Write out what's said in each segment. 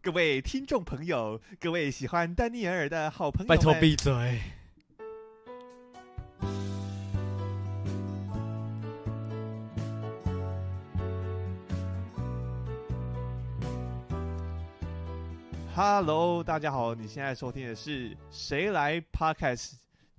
各位聽眾朋友，各位喜歡丹尼爾的好朋友們，拜托閉嘴。Hello，大家好，你現在收聽的是《誰來》Podcast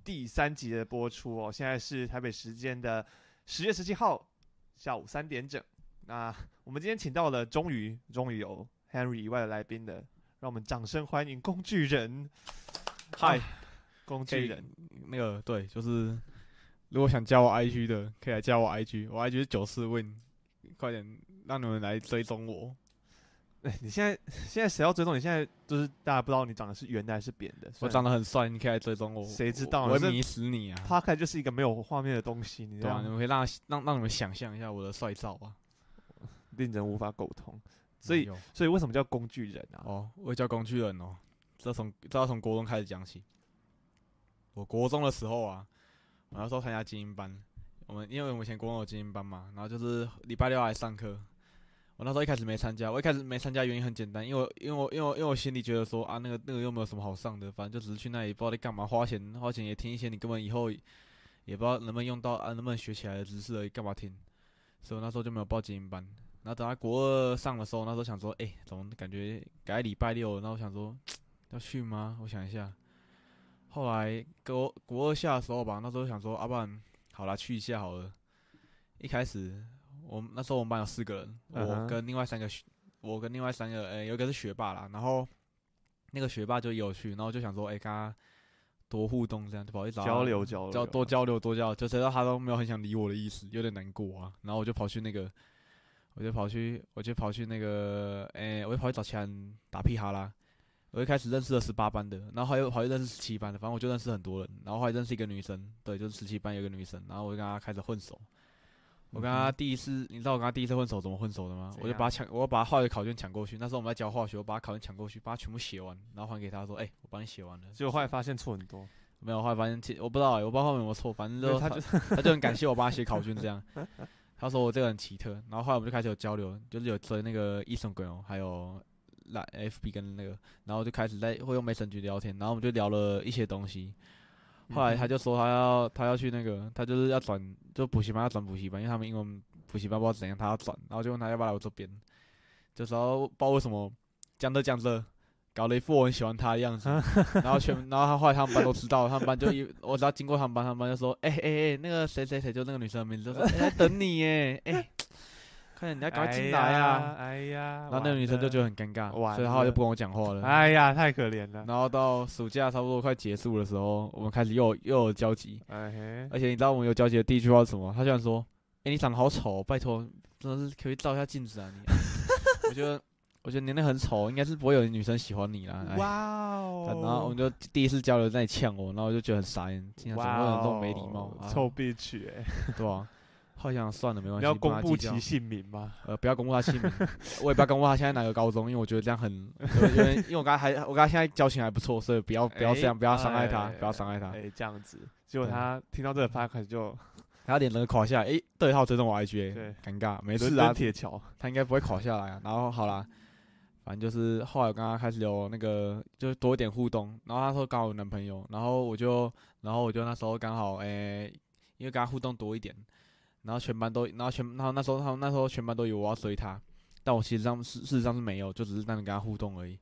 第三集的播出哦。現在是台北時間的十月十七號下午三點整。那、啊、我們今天請到了，終於，終於有。Henry 以外的來賓的，讓我們掌聲歡迎工具仁。嗨唉，工具仁，那個對，就是如果想加我 IG 的，嗯、可以來加我 IG，我 IG 是九四問，快點讓你們來追蹤我。你現在現在誰要追蹤你？現在就是大家不知道你長得是圓的還是扁的。我長得很帥，你可以來追蹤我。誰知道？我我會迷死你啊！他看就是一個沒有畫面的東西，你知道嗎？啊、你們可以讓讓讓，讓你們想象一下我的帥照啊， 令人無法苟同。所以，有所以為什麼叫工具仁啊？哦，我也叫工具仁哦。這從這要從國中開始講起。我國中的時候啊，我那時候參加精英班。我們因為我們以前國中有精英班嘛，然後就是禮拜六來上課。我那時候一開始沒參加，我一開始沒參加原因很簡單，因為因為我因為我因為我心裡覺得說啊，那個那個又沒有什麼好上的，反正就只是去那裡不知道在幹嘛，花錢花錢也聽一些你根本以後也不知道能不能用到啊，能不能學起來的知識而已，幹嘛聽？所以我那時候就沒有報精英班。然後等他國二上的時候，那時候想說，哎、欸，怎麼感覺改禮拜六了？然後我想說，要去嗎？我想一下。後來我國、國二下的時候吧，那時候想說，阿、啊、不然，好啦，去一下好了。一開始，我那時候我們班有四個人，嗯、哼我跟另外三個，我跟另外三個人，哎、欸，有一個是學霸啦。然後那個學霸就也有去，然後就想說，哎、欸，跟他多互動這樣，不好意思，交流交、交流，多交流多交流，啊、就誰知道他都沒有很想理我的意思，有點難過啊。然後我就跑去那個。我就跑去，我就跑去那個，哎、欸，我就跑去找其他人打屁哈啦。我一開始認識了十八班的，然後還跑去認識十七班的，反正我就認識很多人。然後後來認識一個女生，對，就是十七班有個女生，然後我就跟她開始混熟。嗯、哼我跟她第一次，你知道我跟她第一次混熟怎麼混熟的嗎？樣我就把她搶，我把化學考卷搶過去。那時候我們在教化學，我把考卷搶過去，把她全部寫完，然後還給她說，哎、欸，我幫你寫完了。結果後來發現錯很多，沒有，後來發現我不知道，我不知道有、欸、沒有錯，反正就她就她就， 就很感謝我幫她寫考卷這樣。 他說我這個很奇特，然後後來我們就開始有交流，就是有推那個 Instagram 還有來 FB 跟那個，然後就開始在會用 messenger 聊天，然後我們就聊了一些東西。後來他就說他要他要去那個，他就是要轉就補習班要轉補習班，因為他們英文補習班不知道怎樣，他要轉，然後就問他要不要來我這邊。這時候不知道為什麼講着講着。搞了一副我很喜歡她的樣子， 然後全，然後她後來，他們班都知道，他們班就一，我只要經過他們班，他們班就說，哎哎哎，那個誰誰誰，就那個女生的名字，就說、欸、在等你哎哎，看人家趕進來啊哎。哎呀，然後那個女生就覺得很尷尬，了所以後來就不跟我講話了，了，哎呀，太可憐了。然後到暑假差不多快結束的時候，我們開始又有又有交集，哎、嘿而且你知道我們有交集的第一句話是什麼？他居然說，哎、欸，你長得好醜，拜託，真的可以照一下鏡子啊你啊， 我覺得。我覺得年齡很醜，應該是不會有女生喜歡你啦。哇哦！然後我們就第一次交流，在那裡嗆我，然後我就覺得很傻眼，今天怎麼這麼沒禮貌？臭憋屈！哎，對啊，好像算了，沒關係。你要公布其姓名嗎？呃，不要公布他姓名，我也不要公布他現在哪個高中，因為我覺得這樣很，因為因為我剛才還我跟他現在交情還不錯，所以不要不要這樣，不要傷害他，不要傷害他。這樣子，結果他聽到這個，發，可能就他有點冷，垮下來。誒，對，他有追蹤我 IG 欸，尷尬，沒準是鐵橋，他應該不會垮下來。然後好啦。反正就是後來我跟她開始有那個，就是多一點互動。然後她說剛好有男朋友，然後我就，然後我就那時候剛好，誒、欸，因為跟她互動多一點，然後全班都，然後全，然後那時候，他那時候全班都以為我要追她，但我其實上事事實上是沒有，就只是單純跟她互動而已。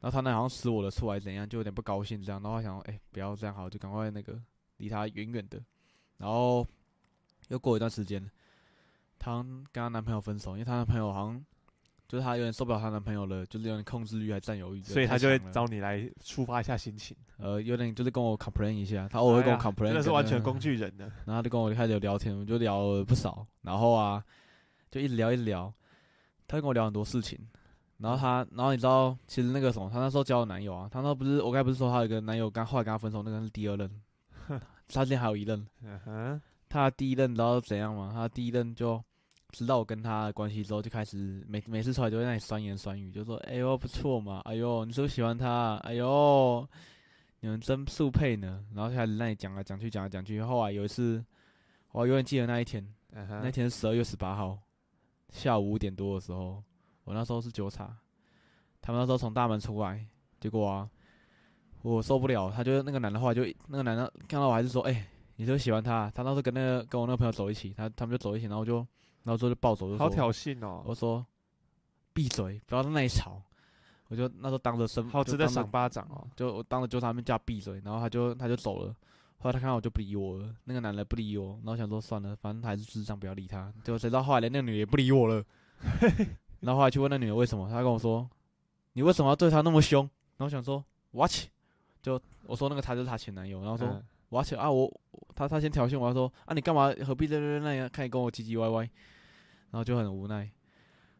然後她那好像吃我的醋還是怎樣，就有點不高興這樣。然後我想說，誒、欸，不要這樣好，就趕快那個離她遠遠的。然後又過一段時間，她跟她男朋友分手，因為她男朋友好像。就是她有點受不了她男朋友了，就是有點控制欲還占有欲，所以她就會找你來抒發一下心情。呃，有點就是跟我 complain 一下，她偶爾會跟我 complain，那、哎、呀著是完全工具人的、嗯嗯。然後就跟我開始聊天，我們就聊了不少。然後啊，就一直聊一直聊，她跟我聊很多事情。然後她，然後你知道，其實那個什麼，她那時候交了男友啊，她那時候不是我該不是說她有個男友，剛後來跟她分手，那個是第二任，她現在還有一任。嗯、啊哈，她第一任你知道是怎樣嗎？她第一任就。知道我跟他的關係之後，就開始每每次出來都在那裡酸言酸語，就說：“哎、欸、呦不錯嘛，哎呦你是不是喜歡他、啊？哎呦你們真速配呢。”然後就開始在那裡講來講去講來講去。後來有一次，我還永遠記得那一天，uh huh. 那天十二月十八號下午五點多的時候，我那時候是糾察，他們那時候從大門出來，結果啊我受不了，他就那個男的話就那個男的看到我還是說：“哎、欸，你是不是喜歡他、啊？”他那時候跟那個跟我那個朋友走一起，他他們就走一起，然後我就。然後之後就抱走就，就好挑釁哦！我說閉嘴，不要在那裡吵。我就那時候當着生，好直接賞巴掌哦！就我當着就他們家閉嘴，然後他就他就走了。後來他看到我就不理我了，那個男的不理我。然後想說算了，反正他還是智障，不要理他。就誰知道後來連那個女也不理我了。 然後後來去問那女的為什麼，她跟我說，你為什麼要對他那麼兇？然後我想說 w what 就我說那個才是他前男友。然後說。嗯我要啊，我他他先挑釁我，他說：“啊，你幹嘛？何必那那那樣？看你跟我唧唧歪歪。”然後就很無奈。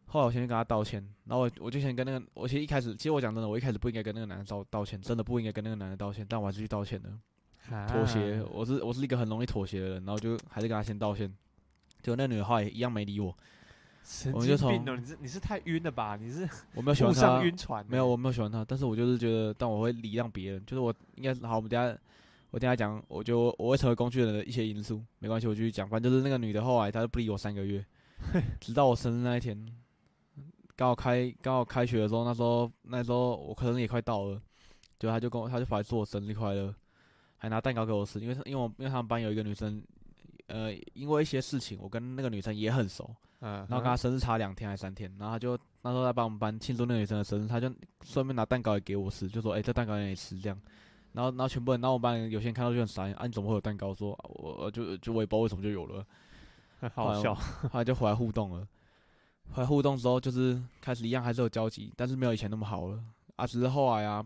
後來我先去跟他道歉。然後我我就想跟那個，我其實一開始，其實我講真的，我一開始不應該跟那個男的道道歉，真的不應該跟那個男的道歉，但我還是去道歉的，妥協。我是我是一個很容易妥協的人，然後就還是跟他先道歉。結果那女的也一樣沒理我。神經病哦、我就說，你是你是太暈了吧？你是上暈船？我沒有喜歡他。暈船？沒有，我沒有喜歡他，但是我就是覺得，但我會禮讓別人，就是我應該好，我們等下。我聽他講，我就我會成為工具人的一些因素，沒關係，我繼續講。反正就是那個女的，後來她就不理我三個月。 直到我生日那一天，剛好開剛好開學的時候，那時候那時候我可能也快到了，就她就跟我，她就跑來祝我生日快樂，還拿蛋糕給我吃，因為因為我因為他們班有一個女生，呃，因為一些事情，我跟那個女生也很熟，嗯、啊，然後跟她生日差兩天還三天，然後她就那時候在幫我們班慶祝那個女生的生日，她就順便拿蛋糕也給我吃，就說哎、欸，這蛋糕你也吃這樣。然後，然後全部人，然後我們班有些人看到就很傻眼，啊，你怎麼會有蛋糕？說，我就就我也不知道為什麼就有了，很好笑後。後來就回來互動了，回來互動之後，就是開始一樣還是有交集，但是沒有以前那麼好了。啊，只是後來啊，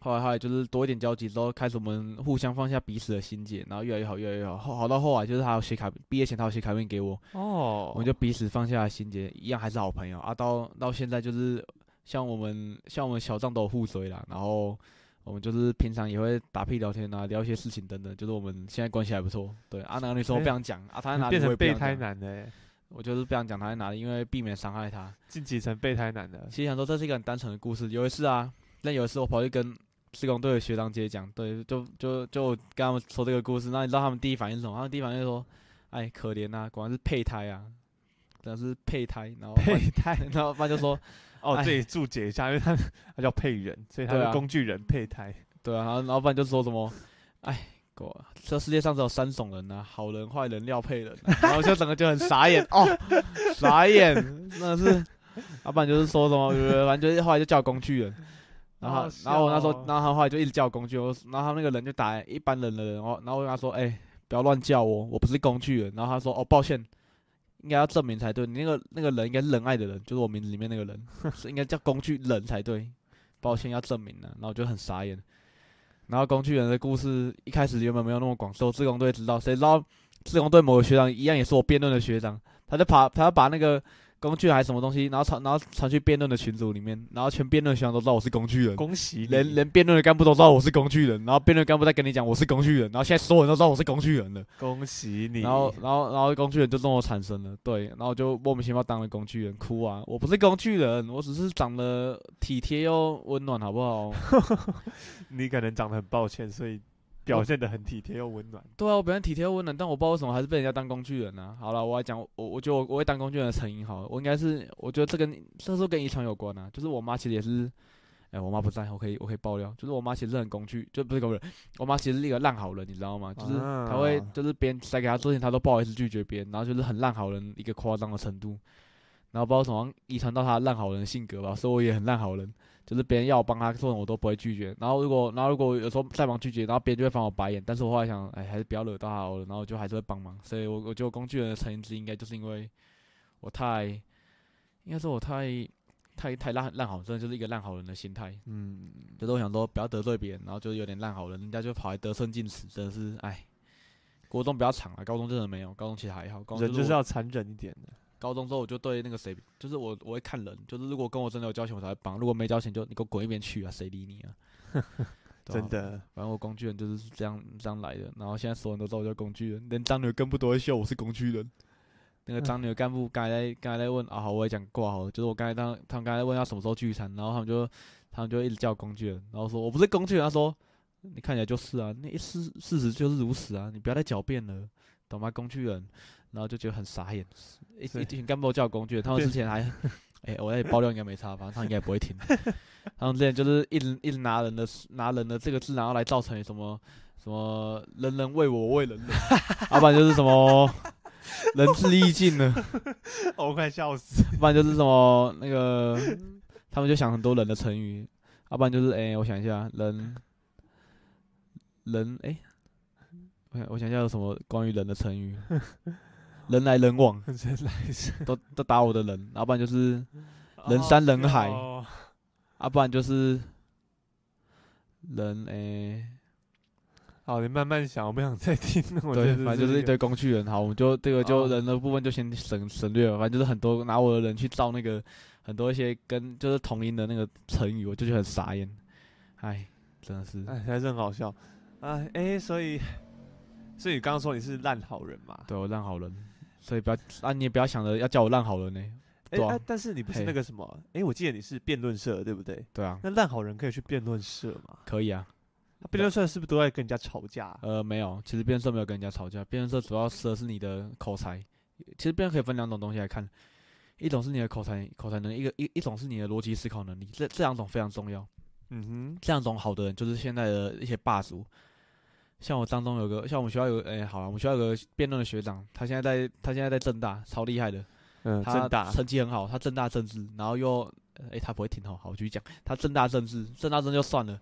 後來後來就是多一點交集之後，開始我們互相放下彼此的心結，然後越來越好，越來越好，好到後來就是他有寫卡，畢業前他有寫卡片給我。哦，oh. 我們就彼此放下的心結，一樣還是好朋友。啊到，到到現在就是像我們像我們小賬都有互追了，然後。我們就是平常也會打屁聊天啊，聊一些事情等等，就是我們現在關係還不錯。對，阿、啊、男，你說我不想講，欸、啊，他在哪裡變成備胎男的？我就是不想講他在哪裡，因為避免傷害他，晉級成備胎男的。其實想說這是一個很單純的故事，有一次啊，那有一次我跑去跟施工隊的學長姐講，對，就就就跟他們說這個故事。那你知道他們第一反應是什麼？他們第一反應就說：“哎，可憐吶、啊，果然是備胎啊，但是備胎。”然後備胎，然後我爸胎就說。 哦，對，自己註解一下，因為他他叫配人，所以他是工具人、配胎、對、啊。對啊，然後老闆就說什麼：“哎，我這世界上只有三種人吶、啊，好人、壞人、料配人、啊。”然後我就整個就很傻眼， 哦，傻眼，那是 老闆就是說什麼，反正就後來就叫工具人。然後，然後我那時候，哦、然後他後來就一直叫工具。我，然後他那個人就打一般人的人哦，然後我跟他說：“哎、欸，不要亂叫我，我不是工具人。”然後他說：“哦，抱歉。”應該要正名才對，你那個那個仁應該仁愛的仁，就是我名字裡面那個仁， 所以應該叫工具仁才對。抱歉，要正名了，然後我就很傻眼。然後工具仁的故事一開始原本沒有那麼廣受志工隊知道，誰知道志工隊某個學長一樣也是我辯論的學長，他就把、他把那個。工具還是什麼東西？然後傳，然後傳去辯論的群組裡面，然後全辯論學長都知道我是工具人。恭喜你！連，連辯論的幹部都知道我是工具人，然後辯論幹部再跟你講我是工具人，然後現在所有人都知道我是工具人了。恭喜你！然後，然後，然後工具人就這麼產生了。對，然後我就莫名其妙當了工具人，哭啊！我不是工具人，我只是長得體貼又溫暖，好不好？ 你可能長得很抱歉，所以。表現得很體貼又溫暖， 對啊，我表現體貼又溫暖，但我不知道為什麼還是被人家當工具人呢？啊？好了，我來講，我我覺得我我會當工具人的成因，好了，我應該是我覺得這跟這是跟遺傳有關啊，就是我媽其實也是，哎、欸，我媽不在，我可以我可以爆料，就是我媽其實是很工具，就不是可不是，我媽其實是一個爛好人，你知道嗎？就是她會就是別人塞給他東西，她都不好意思拒絕別人，然後就是很爛好人一個誇張的程度，然後不知道什麼遺傳到她爛好人的性格吧，所以我也很爛好人。就是別人要我幫他做什麼，我都不會拒絕。然後如果，然後如果有時候再忙拒絕，然後別人就會翻我白眼。但是我後來想，哎，還是不要惹到他好了。然後就還是會幫忙。所以我，我我覺得工具人的成因之一，應該就是因為我太，應該說我太太太爛爛好人，真的就是一個爛好人的心態。嗯，就是我想說不要得罪別人，然後就有點爛好人，人家就跑來得寸進尺，真的是哎，國中比較慘啊，高中真的沒有，高中其實還好。高中就人就是要殘忍一點的。高中之後我就對那個誰，就是我，我會看人，就是如果跟我真的有交情我才會幫，如果沒交情就你給我滾一邊去啊，誰理你啊？ 好真的，反正我工具人就是這樣這樣來的。然後現在所有人都知道我叫工具人，連張女幹部都會笑我是工具人。嗯、那個張女幹部剛才剛才在問啊，好，我也講過啊，就是我剛才他，他們剛才在問他什麼時候聚餐，然後他們就他們就一直叫我工具人，然後說我不是工具人，他說你看起來就是啊，那事事實就是如此啊，你不要再狡辯了，懂嗎？工具人。然後就覺得很傻眼，一一,一群幹部叫工具，他們之前還，哎對、欸，我那裡爆料應該沒差吧？他們應該不會聽，他們之前就是一直一直拿人的“拿人”的這個字，然後來造成什麼什麼“人人為我，為人的，要、 啊、不然就是什麼“仁至義盡”了， 我快笑死，不然就是什麼那個，他們就想很多人的成語，要、啊、不然就是哎、欸，我想一下，人，人，哎、欸，我我想一下有什麼關於人的成語。 人來人往，都都打我的人，要不然就是人山人海，啊，要不然就是人哎。好，你慢慢想，我不想再聽那麼多了。對，反正就是一堆工具人。好，我們就這個就人的部分就先省省略了，反正就是很多拿我的人去造那個很多一些跟就是同音的那個成語，我就覺得很傻眼，哎，真的是，哎，還是很好笑，哎，哎，所以，所以你剛剛說你是爛好人嘛？對，我爛好人。所以不要啊！你也不要想着要叫我爛好人呢。哎、欸啊啊，但是你不是那個什麼？哎嘿、欸，我記得你是辯論社對不對？對啊。那爛好人可以去辯論社嗎？可以啊。那辯論社是不是都在跟人家吵架，啊嗯？呃，沒有。其實辯論社沒有跟人家吵架。辯論社主要測是，是你的口才。其實辯論可以分兩種東西來看，一種是你的口才口才能力，一個一一種是你的邏輯思考能力。這這兩種非常重要。嗯哼，這兩種好的人就是現在的一些霸主。像我當中有個，像我們學校有個，哎、欸，好了，我們學校有個辯論的學長，他現在在，他現在在政大，超厲害的，嗯，政大成績很好，他政大政治，然後又，哎、欸，他不會挺哦，好，我繼續講，他政大政治，政大政治就算了，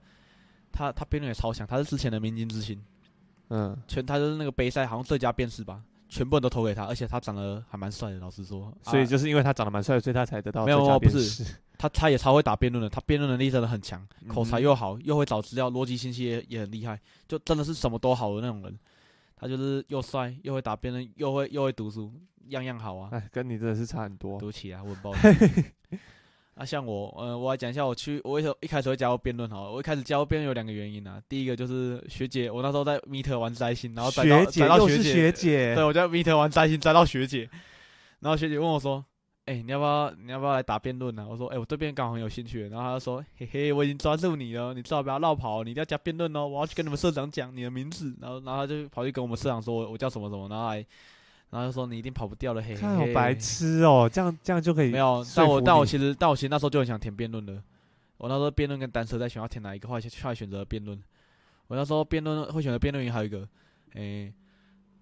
他他辯論也超強，他是之前的明君之星，嗯，全他就是那個杯賽好像最佳辯士吧，全部人都投給他，而且他長得還蠻帥的，老實說，所以就是因為他長得蠻帥，所以他才得到、啊、沒有沒有沒有，不是。他他也超會打辯論的，他辯論能力真的很強，嗯、口才又好，又會找資料，邏輯信息也也很厲害，就真的是什麼都好的那種人。他就是又帥，又會打辯論，又會又會讀書，樣樣好啊。哎，跟你真的是差很多。讀起來、啊、我很抱歉。 啊，像我，呃，我來講一下，我去，我一一開始會加入辯論哈，我一開始加入辯論有兩個原因啊，第一個就是學姐，我那時候在米特玩摘星，然後摘到學姐，摘到學姐又是學姐、呃，對，我在米特玩摘星摘到學姐，然後學姐問我說。哎、欸，你要不要？你要不要來打辯論呢？我說，哎、欸，我對辯論剛好很有興趣。然後他就說，嘿嘿，我已經抓住你了，你最好不要亂跑，你一定要加辯論哦。我要去跟你們社長講你的名字。然後，然後他就跑去跟我們社長說我，我叫什麼什麼。然後來，然後就說你一定跑不掉了。喔、嘿，嘿嘿，好白痴哦！這樣這樣就可以沒有。但我但我其實但我其實那時候就很想填辯論的。我那時候辯論跟單車在想要填哪一個，後來後來選擇辯論。我那時候辯論會選擇辯論員，還有一個，誒、欸，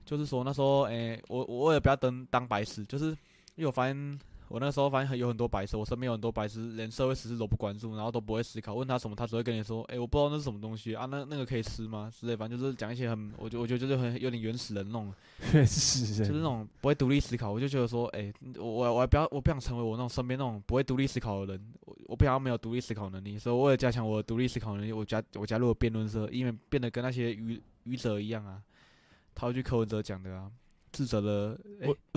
就是說那時候，誒、欸，我我也不要登當白痴，就是因為我發現。我那時候發現很有很多白痴，我身邊有很多白痴，連社會時事都不關注，然後都不會思考。問他什麼，他只會跟你說：“哎、欸，我不知道那是什麼東西啊，那那個可以吃嗎？”之類，反正就是講一些很……我覺我覺得就是很有點原始人那種，原始人就是那種不會獨立思考。我就覺得說：“哎、欸，我我還不要，我不想成為我那種身邊那種不會獨立思考的人。我我不想要沒有獨立思考能力，所以為了加強我的獨立思考能力，我加我加入了辯論社，因為變得跟那些愚愚者一樣啊。”套句柯文哲講的啊。智者的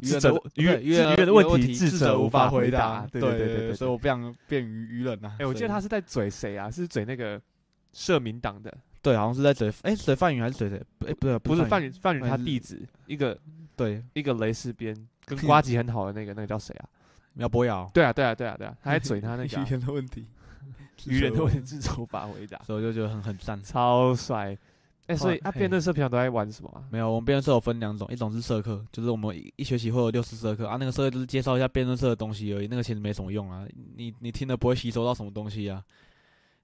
智者愚愚愚人的問題，智者無法回答。對對對，所以我不想變愚愚人吶。哎，我記得他是在懟誰啊？是嘴那個社民黨的？對，好像是在懟。哎，懟范雲還是懟誰？哎，不對，不是范雲，范雲他弟子一個，對，一個蕾絲邊跟呱吉很好的那個，那個叫誰啊？苗博雅。對啊，對啊，對啊，對啊，他在嘴他那個愚人的問題，愚人的問題智者無法回答，所以我就覺得很很讚，超帥。哎、欸，所以啊，辯論社平常都在玩什麼啊？欸，沒有，我們辯論社有分兩種，一種是社課，就是我們一一學期會有六次社課啊。那個社課就是介紹一下辯論社的東西而已，那個其實沒什麼用啊。你你聽了不會吸收到什麼東西啊？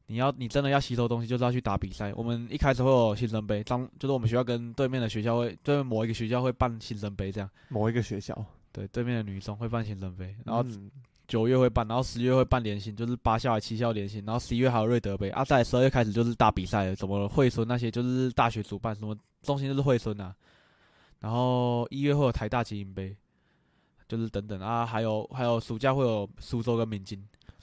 你要你真的要吸收東西，就是要去打比賽。我們一開始會有新生杯，當就是我們學校跟對面的學校會，對、就、面、是、某一個學校會辦新生杯這樣。某一個學校？對，對面的女中會辦新生杯，然後、嗯。九月會辦，然後十月會辦聯新，就是八校七校聯新，然後十一月還有瑞德杯，啊，在十二月開始就是大比賽了，什麼惠蓀那些就是大學主辦，什麼中心就是惠蓀啊，然後一月會有台大精英杯，就是等等啊，還有還有暑假會有蘇州跟明京，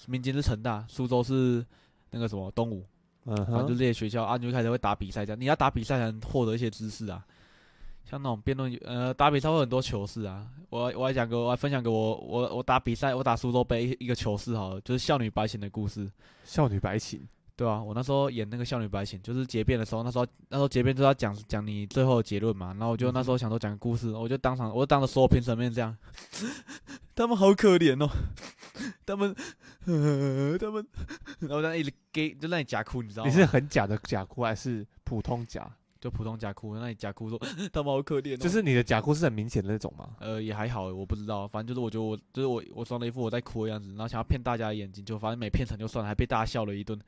明京是成大，蘇州是那個什麼東吳，嗯、uh，huh. 反正就這些學校啊，你就開始會打比賽，這樣你要打比賽才能獲得一些知識啊。像那種辯論，呃，打比賽會很多糗事啊。我我還講個，我還分享給我我我打比賽，我打蘇州杯，一個糗事好了，就是少《孝女白琴》的故事。孝女白琴，對啊，我那時候演那個孝女白琴，就是結辯的時候，那時候那時候結辯就要講講你最後的結論嘛。然後我就、嗯、那時候想說講個故事，我就當場，我就當着所有評審面這樣， 他們好可憐哦 他們呵呵，他們，他們，然後這樣一給就讓你假哭，你知道嗎？你是很假的假哭，還是普通假？就普通假哭，那你假哭說 他們好可憐，哦，就是你的假哭是很明顯的那種嗎？呃，也還好，我不知道，反正就是我覺得我就是我我裝了一副我在哭的樣子，然後想要騙大家的眼睛，就反正沒騙成就算了，還被大家笑了一頓。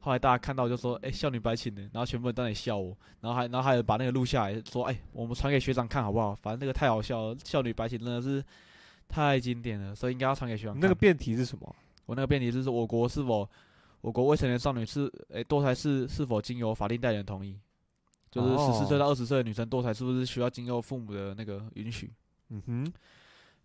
後來大家看到就說：“誒、欸，孝女白琴的。”然後全部都在那裡笑我，然後還然後還有把那個錄下來說：“誒、欸，我們傳給學長看好不好？”反正那個太好笑了，孝女白琴真的是太經典了，所以應該要傳給學長看。那個辯題是什麼？我那個辯題就是我國是否我國未成年少女是誒墮胎是是否經由法定代理人同意？就是十四歲到二十歲的女生墮胎，是不是需要經過父母的那個允許？嗯哼，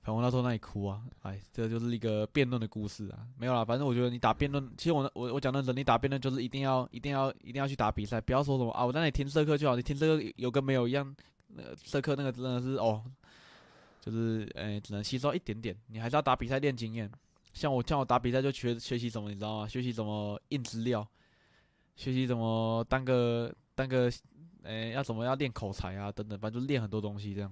反正我到時候在那裡哭啊！哎，這就是一個辯論的故事啊。沒有啦，反正我覺得你打辯論，其實我我我講的人，你打辯論就是一定要一定要一定要去打比賽，不要說什麼啊！我在那裡聽社課就好，你聽社課有跟沒有一樣？社課那個真的是哦，就是哎、欸，只能吸收一點點。你還是要打比賽練經驗。像我叫我打比賽，就學學習什麼，你知道嗎？學習怎麼印資料，學習怎麼當個當個。誒、欸，要怎麼要練口才啊？等等，反正就練很多東西這樣。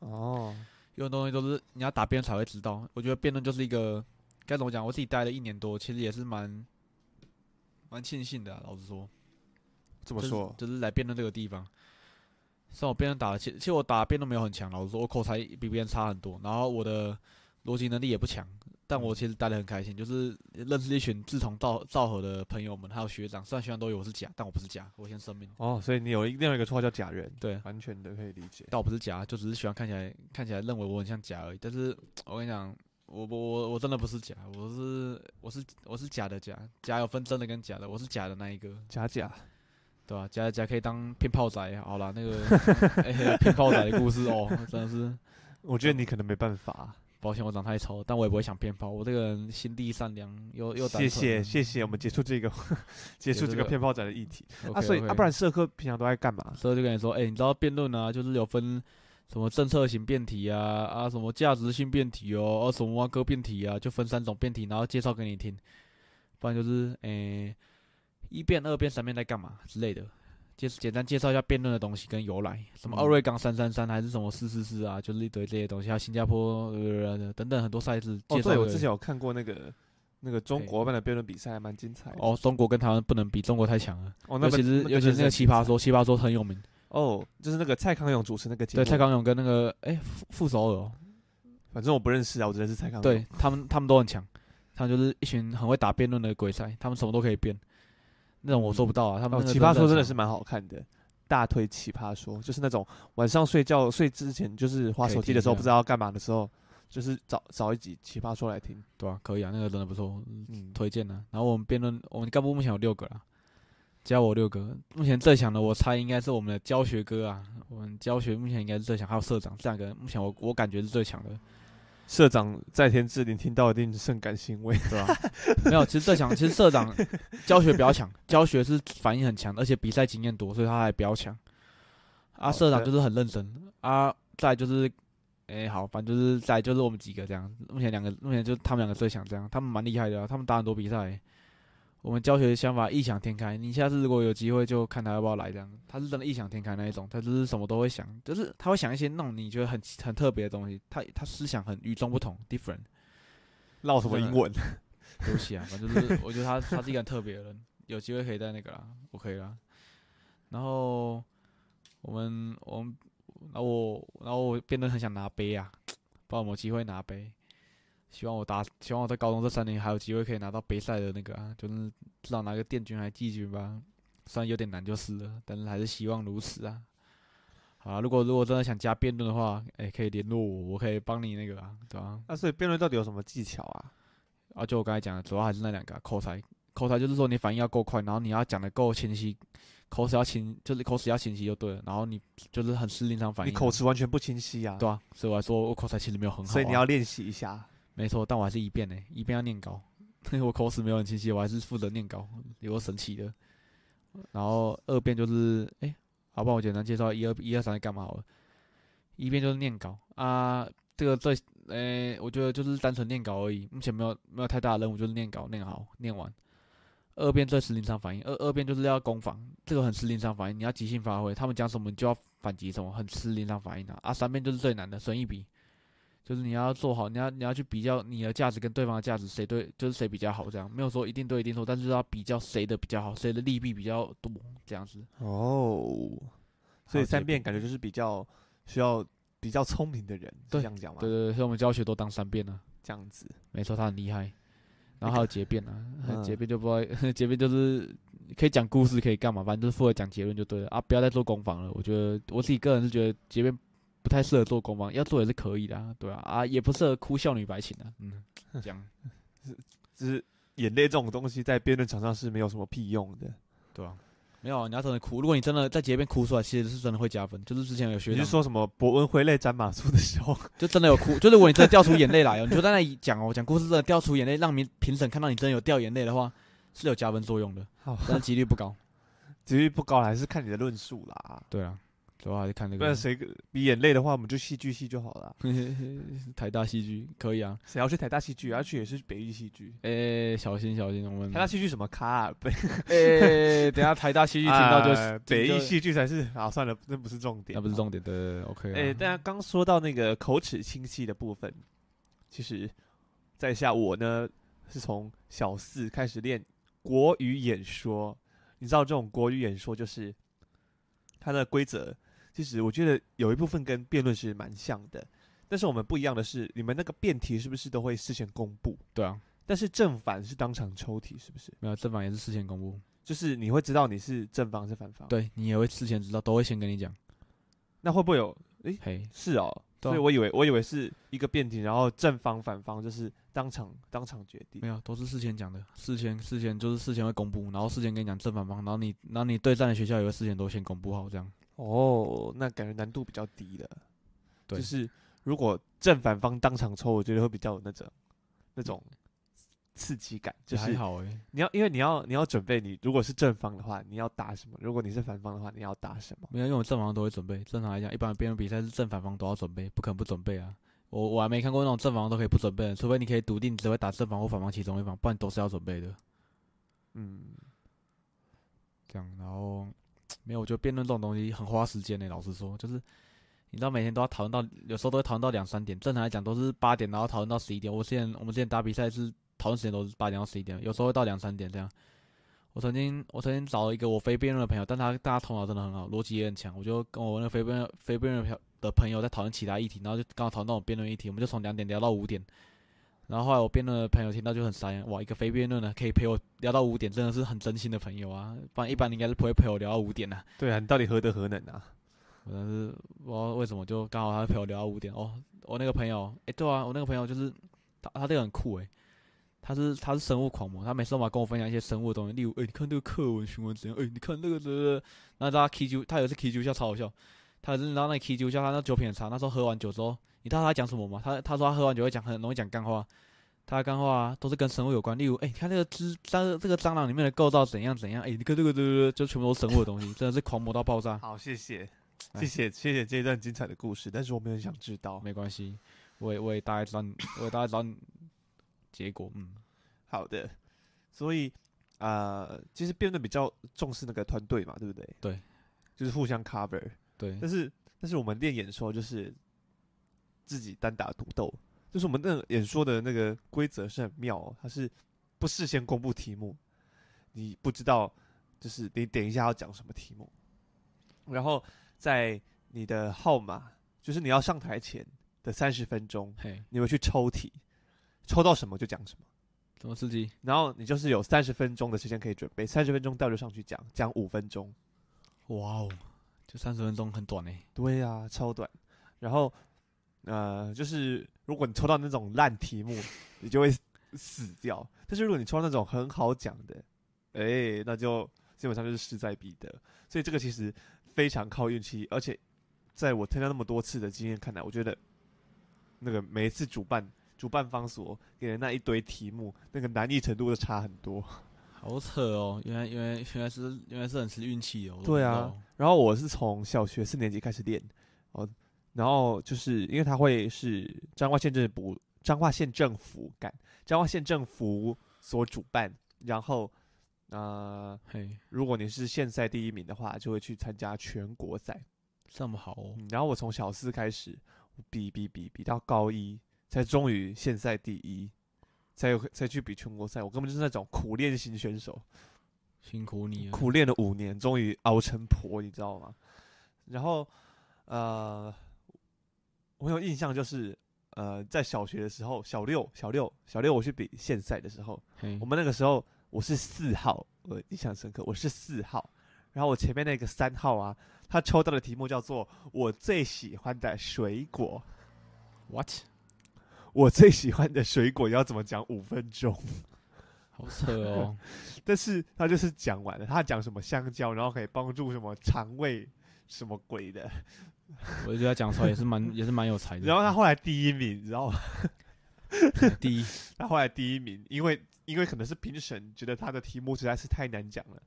哦，oh. 有很多東西都是你要打辯論才會知道。我覺得辯論就是一個該怎麼講？我自己待了一年多，其實也是蠻蠻慶幸的、啊。老實說，這麼說、就是？就是來辯論這個地方。算我辯論打的，其實其實我打辯論沒有很強。老實說，我口才比別人差很多。然後我的。邏輯能力也不強，但我其實待得很開心，嗯、就是認識一群志同道道合的朋友們，還有學長，雖然學長都以為我是假，但我不是假，我先聲明。哦，所以你有一另外一個綽號叫假人，對，完全的可以理解。倒不是假，就只是喜歡看起來看起來認為我很像假而已。但是我跟你講，我我我我真的不是假，我是我是我是假的假，假有分真的跟假的，我是假的那一個。假假，對吧、啊？假的假可以當騙炮仔，好了，那個騙、 欸、炮仔的故事哦，真的是，我覺得你可能沒辦法。抱歉，保我長太醜，但我也不會想騙炮。我這個人心地善良，又又……謝謝謝謝，我們結束這個、嗯、結束這個騙炮仔的議題、這個、啊。所以 okay, okay. 啊，不然社科平常都在幹嘛？所以就跟你說，哎、欸，你知道辯論啊，就是有分什麼政策性辯題啊，啊，什麼價值性辯題哦，啊、什麼哇各辯題啊，就分三種辯題，然後介紹給你聽。不然就是哎、欸，一辯、二辯、三辯在幹嘛之類的。簡簡單介紹一下辯論的東西跟由來，什麼奧瑞岡三三三還是什麼四四四啊，就是一堆這些東西。還有新加坡等等很多賽事。介哦，對，我之前有看過那個那個中國辦的辯論比賽，還蠻精彩的。欸、哦，中國跟他們不能比，中國太強了。哦，那其實尤其是那,是那個奇葩說，奇葩說很有名。哦，就是那個蔡康永主持那個節目。對，蔡康永跟那個哎傅傅首爾、哦，反正我不認識啊，我只認識蔡康永。對他們，他們都很強，他們就是一群很會打辯論的鬼才，他們什麼都可以辯。那種我做不到啊。嗯、他們、哦、奇葩說真的是蠻好看的，嗯、大推奇葩說，就是那種晚上睡覺睡之前，就是滑手機的時候不知道要幹嘛的時候，就是找找一集奇葩說來聽，對吧、啊？可以啊，那個真的不錯，嗯，推薦呢、啊。然後我們辯論，我們幹部目前有六個了，加我六個，目前最強的我猜應該是我們的教學哥啊，我們教學目前應該是最強，還有社長這兩個，目前我我感覺是最強的。社長在天之靈聽到一定甚感欣慰，對吧、啊？ 沒有，其實最強其實社長教學比較強，教學是反應很強，而且比賽經驗多，所以他還比較強。啊，社長就是很認真、oh, okay. 啊，再就是，哎、欸，好，反正就是再就是我們幾個這樣，目前兩個目前就他們兩個最強這樣，他們蠻厲害的、啊，他們打很多比賽、欸。我們教學的想法異想天開。你下次如果有機會，就看他要不要來，這樣他是真的異想天開那一種，他就是什麼都會想，就是他會想一些那種你覺得很很特別的東西。他他思想很與眾不同，different。落什麼英文？對不起啊，反正就是我覺得他他是一個很特別的人。 有機會可以帶那個啦，我可以啦。然後我們我們，然後我然後我變得很想拿杯啊，不知道有沒有機會拿杯。希望我打，希望我在高中這三年還有機會可以拿到杯賽的那個啊，就是至少拿個殿軍還季軍吧，雖然有點難就是了，但是還是希望如此啊。啊，如果如果真的想加辯論的話，哎、欸，可以聯絡我，我可以幫你那個、啊，對啊，那、啊、所以辯論到底有什麼技巧啊？啊，就我剛才講的，主要還是那兩個、啊、口才，口才就是說你反應要夠快，然後你要講得夠清晰，口齒要清，就是口齒要清晰就對了。然後你就是很吃臨場反應，你口齒完全不清晰啊？對啊，所以我來說我口才其實沒有很好、啊，所以你要練習一下。沒錯，但我還是一辯呢，一辯要念稿，因 為我口齒沒有很清晰，我還是負責念稿，有個神奇的。然後二辯就是，哎、欸，好吧好，我簡單介紹一二一二三幹嘛好了。一辯就是念稿啊，這個最，呃、欸，我覺得就是單純念稿而已，目前沒有沒有太大的任務，就是念稿念好念完。二辯最吃臨場反應，二二辯就是要攻防，這個很吃臨場反應，你要即興發揮，他們講什麼你就要反擊什麼，很吃臨場反應的、啊。啊，三辯就是最難的，損一筆。就是你要做好，你要你要去比較你的價值跟對方的價值，誰對就是誰比較好，這樣沒有說一定對一定錯，但是，是要比較誰的比較好，誰的利弊比較多，這樣子。哦，所以三辯感覺就是比較需要比較聰明的人，對這樣講吧，對對對，所以我們教學都當三辯啊，這樣子。沒錯，他很厲害。然後還有結辯啊，嗯、結辯就不會，嗯、結辯就是可以講故事，可以幹嘛，反正就是負責講結論就對了啊。不要再做攻防了，我覺得我自己個人是覺得結辯。不太適合做工坊，要做也是可以的、啊，對啊，啊，也不適合哭笑女白情的、啊，嗯，講，是，就是眼淚這種東西在辯論場上是沒有什麼屁用的，對啊，沒有，你要真的哭，如果你真的在結辯哭出來，其實是真的會加分，就是之前有學你是說什麼博恩揮淚斬馬謖的時候，就真的有哭，就是如果你真的掉出眼淚來哦， 你就在那裡講哦，講故事真的掉出眼淚，讓評評審看到你真的有掉眼淚的話，是有加分作用的，好但幾率不高，幾 率不高，還是看你的論述啦，對啊。哇，還是看那個不是！不然誰比眼淚的話，我們就戲劇系就好了。 台大戲劇可以啊，誰要去台大戲劇？要去也是北藝戲劇。誒、欸欸欸，小心小心，我們台大戲劇什麼咖？不，誒，等下台大戲劇聽到就北藝戲劇才是。啊，算了，那不是重點、啊，那不是重點，對，對，對，OK、啊。誒、欸，大家剛，剛說到那個口齒清晰的部分，其實，在下我呢是從小四開始練國語演說。你知道這種國語演說就是它的規則。其實我覺得有一部分跟辯論是蠻像的，但是我們不一樣的是，你們那個辯題是不是都會事先公布？對啊。但是正反是當場抽題，是不是？沒有，正反也是事先公布，就是你會知道你是正方是反方。對，你也會事先知道，都會先跟你講。那會不會有？誒嘿，是哦。啊，所以我以為我以為是一個辯題，然後正方反方就是當場當場決定。沒有，都是事先講的，事先事先就是事先會公布，然後事先跟你講正反方，然後你然後你對戰的學校也會事先都先公布好這樣。哦，oh, 那感覺難度比較低的，對，就是如果正反方當場抽，我覺得會比較有那種、嗯、那種刺激感，就是還好誒，你要因為你要你要準備你，你如果是正方的話，你要打什麼？如果你是反方的話，你要打什麼？沒有，因為我正方都會準備。正常來講，一般辯論比賽是正反方都要準備，不可能不準備啊。我我還沒看過那種正方都可以不準備的，除非你可以篤定你只會打正方或反方其中一方，不然都是要準備的。嗯，這樣，然後。沒有，我覺得辯論這種東西很花時間嘞、欸。老實說，就是你知道每天都要討論到，有時候都會討論到兩三點。正常來講都是八點，然後討論到十一點。我之前我們之前打比賽是討論時間都是八點到十一點，有時候會到兩三點這樣。我曾經我曾經找了一個我非辯論的朋友，但他但他頭腦真的很好，邏輯也很強。我就跟我那非辯非辯論的朋的朋友在討論其他議題，然後就剛好討論那種辯論議題，我們就從兩點聊到五點。然後後來我辯論的朋友聽到就很傻眼、啊，哇，一個非辯論的可以陪我聊到五點，真的是很真心的朋友啊，不然一般應該是不會陪我聊到五點的、啊。對啊，你到底何德何能啊？但是我不知道為什麼就剛好他陪我聊到五點哦。我那個朋友，誒，對啊，我那個朋友就是他，他這個很酷誒、欸，他是他是生物狂魔，他每次都跟我分享一些生物的東西，例如，誒，你看這個課文詢文怎樣？誒，你看那個嘖嘖那麼？然後他 K 酒，他有一次 K 酒一下超好笑，他也是然後那 K 酒一下，他那酒品很差，那時候喝完酒之後。你知道他講什麼嗎？他他說他喝完酒會講很容易講幹話，他的幹話、啊、都是跟生物有關，例如，哎、欸，你看這個蜘蟑這個蟑螂裡面的構造怎樣怎樣，哎，你看這個這個對，就全部都是生物的東西， 真的是狂魔到爆炸。好，謝謝，唉謝謝謝謝這一段精彩的故事，但是我沒有想知道。嗯、沒關係，我我也大概知道，我也大概知道你結果。嗯，好的。所以啊、呃，其實變得比較重視那個團隊嘛，對不對？對，就是互相 cover。對，但是但是我們練演說就是。自己單打獨鬥，就是我們那個演說的那個規則是很妙哦，它是不事先公布題目，你不知道，就是你等一下要講什麼題目，然後在你的號碼，就是你要上台前的三十分鐘，嘿你會去抽題，抽到什麼就講什麼，怎麼刺激？然後你就是有三十分鐘的時間可以準備，三十分鐘到就上去講，講五分鐘，哇哦，就三十分鐘很短誒。對啊，超短，然後。呃，就是如果你抽到那種爛題目，你就會死掉；但是如果你抽到那種很好講的，哎、欸，那就基本上就是勢在必得。所以這個其實非常靠運氣，而且在我參加那麼多次的經驗看來，我覺得那個每一次主辦主辦方所給的那一堆題目，那個難易程度都差很多。好扯哦，原來原來原來是原來是很吃運氣哦。對啊，然後我是從小學四年級開始練然後就是因為他會是彰化縣政，政府，彰化縣政府幹，彰化縣政府所主辦。然後，啊嘿，如果你是縣賽第一名的話，就會去參加全國賽。這麼好哦！然後我從小四開始比比比比到高一，才終於縣賽第一，才有才去比全國賽。我根本就是那種苦練型選手，辛苦你，苦練了五年，終於熬成婆，你知道嗎？然後，呃。我有印象就是，呃，在小學的時候，小六、小六、小六，我去比縣賽的時候，嘿我們那個時候我是四號，我印象深刻，我是四號。然後我前面那個三號啊，他抽到的題目叫做“我最喜歡的水果”。What？我最喜歡的水果要怎麼講五分鐘？好扯哦！ 但是他就是講完了，他講什麼香蕉，然後可以幫助什麼腸胃什麼鬼的。 我覺得他講說也是蠻 也是蠻有才的。然後他後來第一名，你知道嗎？第一，他後來第一名，因為因為可能是評審覺得他的題目實在是太難講了，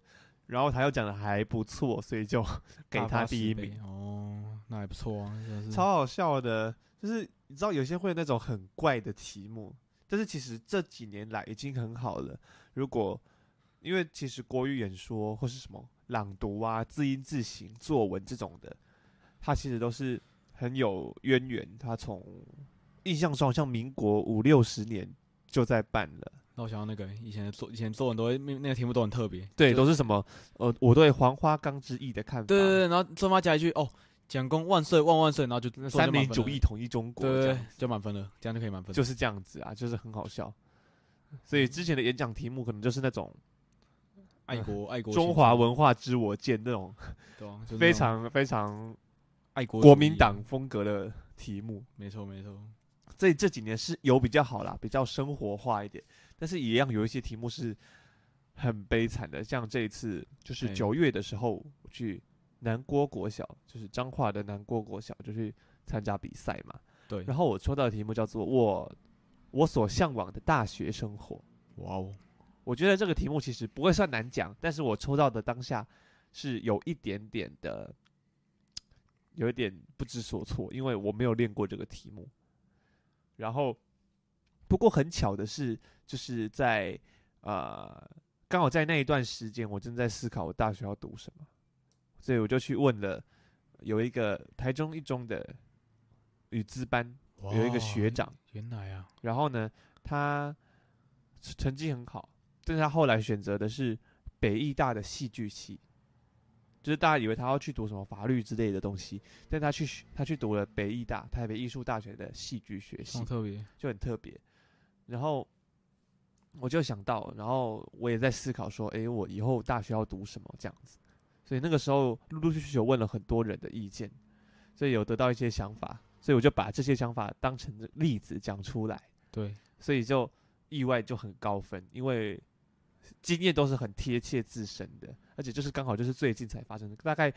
然後他又講的還不錯，所以就給他第一名。哦，那還不錯啊。是是超好笑的，就是你知道有些會有那種很怪的題目，但是其實這幾年來已經很好了。如果因為其實國語演說或是什麼朗讀啊、字音字形、作文這種的。他其實都是很有淵源，他從印象中好像民國五六十年就在辦了。那我想到那個以前，的以前做以前作很多那個題目都很特別，對，就是，都是什麼呃，我對黃花崗之役的看法。對對對，然後最後加一句哦，蔣公萬歲萬萬歲，然後就，那就三民主義統一中國，對，對，對，就滿分了，這樣就可以滿分了。就是這樣子啊，就是很好笑。所以之前的演講題目可能就是那種愛國愛國，呃、愛國中華文化之我見那種，非常非常。愛國國民黨風格的題目，沒錯沒錯。這這幾年是有比較好啦，比較生活化一點，但是一樣有一些題目是很悲慘的。像這一次就是九月的時候、欸、我去南郭國小，就是彰化的南郭國小，就去參加比賽嘛。對。然後我抽到的題目叫做“我我所向往的大學生活”。哇哦！我覺得這個題目其實不會算難講，但是我抽到的當下是有一點點的。有一點不知所措，因為我沒有練過這個題目。然後，不過很巧的是，就是在啊、呃，剛好在那一段時間，我正在思考我大學要讀什麼，所以我就去問了有一個台中一中的語資班哇有一個學長，原來啊。然後呢，他成績很好，但是他後來選擇的是北藝大的戲劇系。就是大家以為他要去讀什麼法律之類的東西，但他去他去讀了北藝大，台北藝術大學的戲劇學系，就很特別。然後我就想到，然後我也在思考說，哎、欸，我以後大學要讀什麼這樣子。所以那個時候陸陸續續就問了很多人的意見，所以有得到一些想法，所以我就把這些想法當成例子講出來。對，所以就意外就很高分，因為經驗都是很貼切自身的。而且就是剛好，就是最近才發生的。大概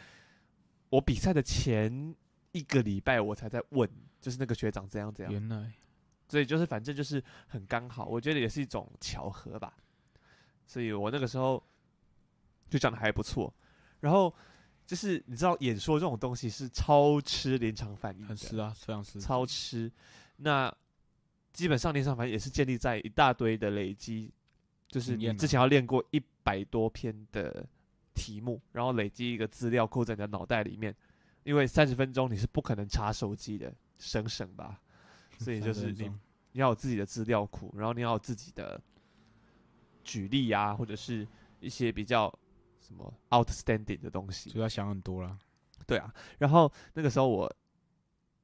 我比賽的前一個禮拜，我才在問，就是那個學長怎樣怎樣。原來，所以就是反正就是很剛好，我覺得也是一種巧合吧。所以我那個時候就講的還不錯。然後就是你知道，演說這種東西是超吃臨場反應很吃、嗯、啊，非常吃，超吃。那基本上臨場反應也是建立在一大堆的累積，就是你之前要練過一百多篇的題目，然後累積一個資料庫在你的腦袋裡面，因為三十分鐘你是不可能查手機的，省省吧。所以就是你， 鐘你要有自己的資料庫，然後你要有自己的舉例啊，或者是一些比較什麼 outstanding 的東西，就要想很多了。對啊，然後那個時候我。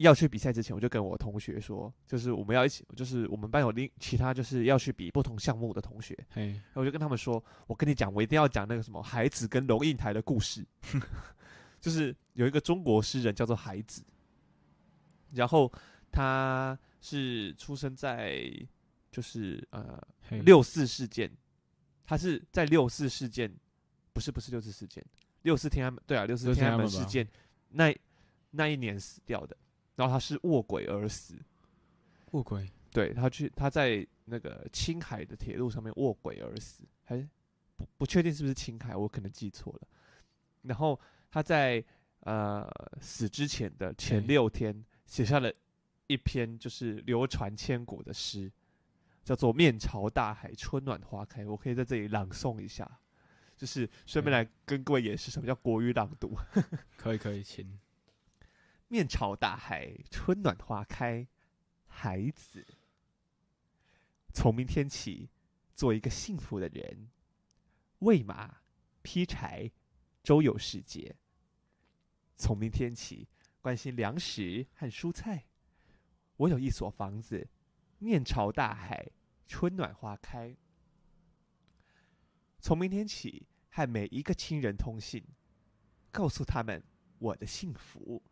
要去比賽之前，我就跟我同學說，就是我們要一起，就是我們班有另其他，就是要去比不同項目的同學。嘿，Hey. 我就跟他們說，我跟你講，我一定要講那個什麼海子跟龍應台的故事。 就是有一個中國詩人叫做海子，然後他是出生在，就是呃 Hey. 六四事件，他是在六四事件，不是不是六四事件，六四天安門。對啊，六四天安門事件那那一年死掉的。然後他是臥軌而死，臥軌？對，他去他在那個青海的鐵路上面臥軌而死，還不，不確定是不是青海，我可能記錯了。然後他在呃死之前的前六天對寫下了一篇就是流傳千古的詩，叫做《面朝大海，春暖花開》。我可以在這裡朗誦一下，就是順便來跟各位演示什麼對叫國語朗讀，可以，可以，請。面朝大海，春暖花開，孩子。從明天起，做一個幸福的人，餵馬，劈柴，周遊世界。從明天起，關心糧食和蔬菜。我有一所房子，面朝大海，春暖花開。從明天起，和每一個親人通信，告訴他們我的幸福。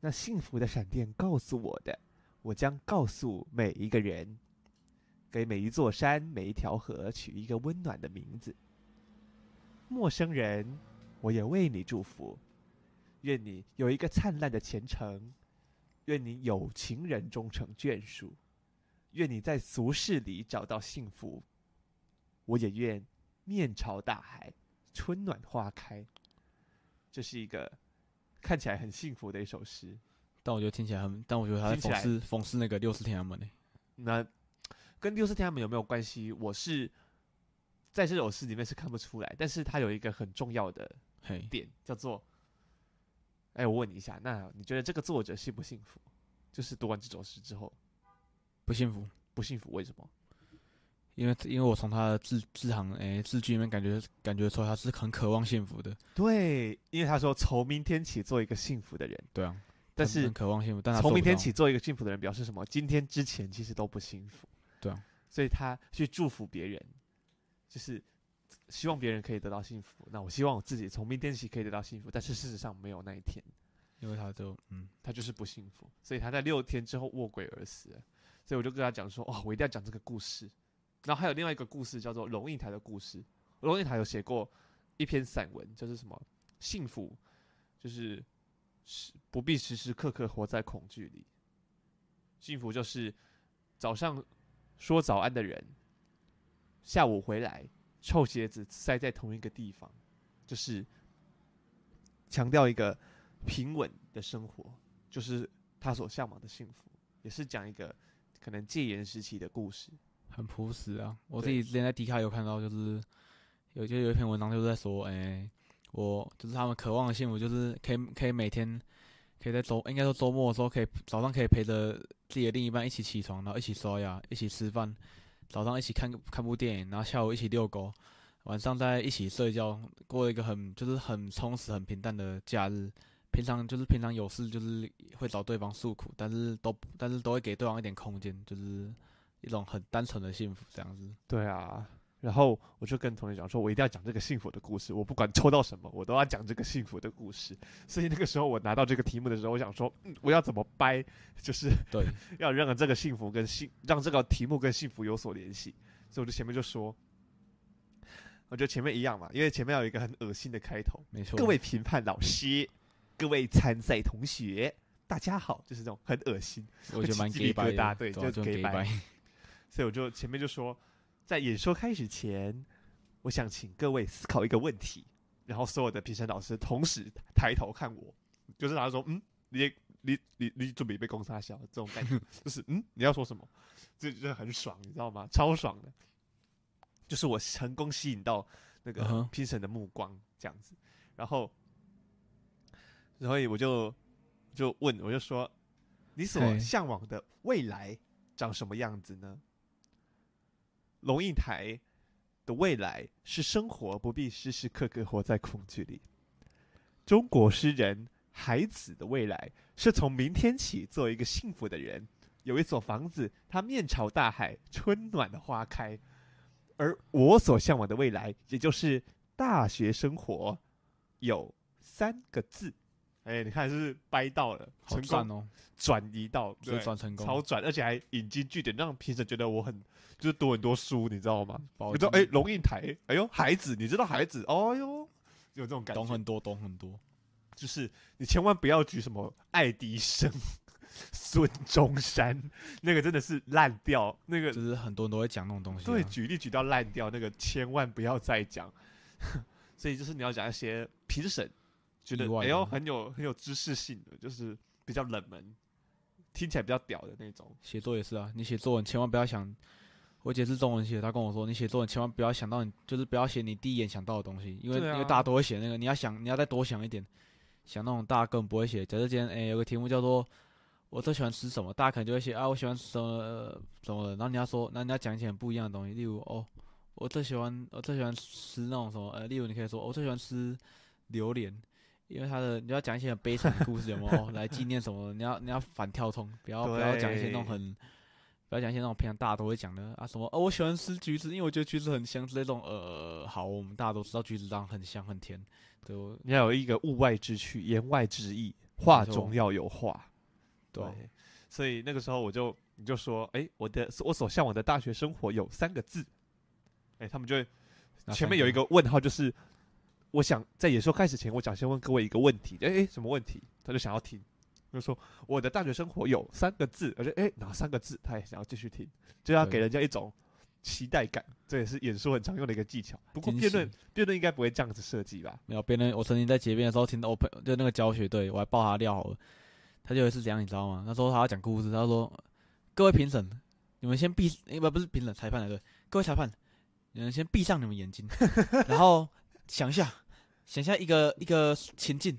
那幸福的閃電告訴我的，我將告訴每一個人。給每一座山、每一條河取一個溫暖的名字。陌生人，我也為你祝福。願你有一個燦爛的前程。願你有情人終成眷屬。願你在俗世裡找到幸福。我也願面朝大海，春暖花開。這是一個。看起來很幸福的一首詩，但我覺得聽起來很，但我覺得它諷刺，諷刺那個六四天安門呢、欸？那跟六四天安門有沒有關係？我是在這首詩裡面是看不出來，但是它有一個很重要的點，嘿叫做，哎、欸，我問你一下，那你覺得這個作者幸不幸福？就是讀完這首詩之後，不幸福，不幸福，為什麼？因為，因為我從他的字字行，欸，字句裡面感覺感覺說他是很渴望幸福的。對，因為他說從明天起做一個幸福的人。對啊，但是渴望幸福，但是從明天起做一個幸福的人，表示什麼？今天之前其實都不幸福。對啊，所以他去祝福別人，就是希望別人可以得到幸福。那我希望我自己從明天起可以得到幸福，但是事實上沒有那一天，因為他就嗯，他就是不幸福，所以他在六天之後臥軌而死。所以我就跟他講說，哦，我一定要講這個故事。然後還有另外一個故事，叫做《龍應台的故事》。龍應台有寫過一篇散文，就是什麼幸福，就是是不必時時刻刻活在恐懼裡。幸福就是早上說早安的人，下午回來臭鞋子塞在同一個地方，就是強調一個平穩的生活，就是他所向往的幸福，也是講一個可能戒嚴時期的故事。很樸實啊！我自己之前在迪卡有看到，就是有就有一篇文章，就是在說，哎，我就是他們渴望的幸福，就是可以可以每天可以在周，應該說周末的時候，可以早上可以陪着自己的另一半一起起床，然後一起刷牙，一起吃飯，早上一起看看部電影，然後下午一起遛狗，晚上再一起睡覺，過了一個很就是很充實、很平淡的假日。平常就是平常有事就是會找對方訴苦，但是都但是都會給對方一點空間，就是。一種很單純的幸福，這樣子。對啊，然後我就跟同學講說，我一定要講這個幸福的故事，我不管抽到什麼，我都要講這個幸福的故事。所以那個時候我拿到這個題目的時候，我想說、嗯，我要怎麼掰，就是對， 要讓這個幸福跟幸，讓這個題目跟幸福有所聯繫。所以我就前面就說，我覺得前面一樣嘛，因為前面有一個很噁心的開頭。沒錯。各位評判老師，各位參賽同學，大家好，就是這種很噁心。我覺得蠻可以掰對，對、啊、就可以掰。 所以我就前面就說，在演說開始前，我想請各位思考一個問題。然後所有的評審老師同時抬頭看我，就是他就說：“嗯，你你你你，你準備被公殺小這種感覺， 就是嗯，你要說什麼？這真的很爽，你知道嗎？超爽的，就是我成功吸引到那個評審的目光，這樣子。Uh huh. 然後，所以我就就問，我就說，你所向往的未來長什麼樣子呢？” hey. 龍應台的未來是生活不必時時刻刻活在恐懼裡。中國詩人海子的未來是從明天起做一個幸福的人，有一所房子，它面朝大海，春暖的花開。而我所向往的未來，也就是大學生活，有三個字。哎、欸，你看就是掰到了，成功哦，轉移到，轉、哦、對成功，超轉，而且還引經據典，讓評審覺得我很就是讀很多書，你知道嗎？你知道，哎、欸，龍應台，哎、欸、呦，孩子，你知道孩子，哎、哦、呦，有這種感覺，懂很多，懂很多，就是你千萬不要舉什麼愛迪生、孫中山，那個真的是爛掉，那個就是很多人都會講那種東西、啊，對，舉例舉到爛掉，那個千萬不要再講， 所以就是你要講一些評審。就覺外，哎呦，很有很有知識性的，就是比較冷門，聽起來比較屌的那種。寫作也是啊，你寫作文千萬不要想。我姐是中文系的，他跟我說，你寫作文千萬不要想到你，就是不要寫你第一眼想到的東西，因為、啊、因為大家都會寫那個。你要想，你要再多想一點，想那種大家根本不會寫。假設今天哎、欸、有個題目叫做“我最喜歡吃什麼”，大家可能就會寫啊我喜歡吃什麼呃什麼的，然後你要說，那你要講一些很不一樣的東西，例如哦，我最喜歡我最喜歡吃那種什麼呃，例如你可以說我最喜歡吃榴蓮。因為他的，你要講一些很悲慘的故事有沒有？ 來紀念什麼？你要你要反跳通，不要對不要講一些那種很，不要講一些那種平常大家都會講的啊什麼？哦，我喜歡吃橘子，因為我覺得橘子很香，之類那種呃，好，我們大家都知道橘子當然很香很甜。對，你要有一個物外之趣，言外之意，話中要有話。嗯、對，所以那個時候我就你就說，誒、欸，我的我所向往的大學生活有三個字，誒、欸，他們就前面有一個問號，就是。我想在演說開始前，我想先問各位一個問題。誒、欸欸、什麼問題？他就想要聽，就說我的大學生活有三個字，而且哎哪三個字？他也想要繼續聽，就要給人家一種期待感。對這也是演說很常用的一個技巧。不過辯論，辯論喜應該不會這樣子設計吧？沒有辯論，我曾經在結辯的時候聽到，open 就那個教學對我還爆他料好了。他就有是這樣你知道嗎？他說他要講故事。他說：“各位評審，你們先閉……因、欸、為不是評審，裁判來對，各位裁判，你們先閉上你們眼睛， 然後。”想一下，想一下一個一個情境，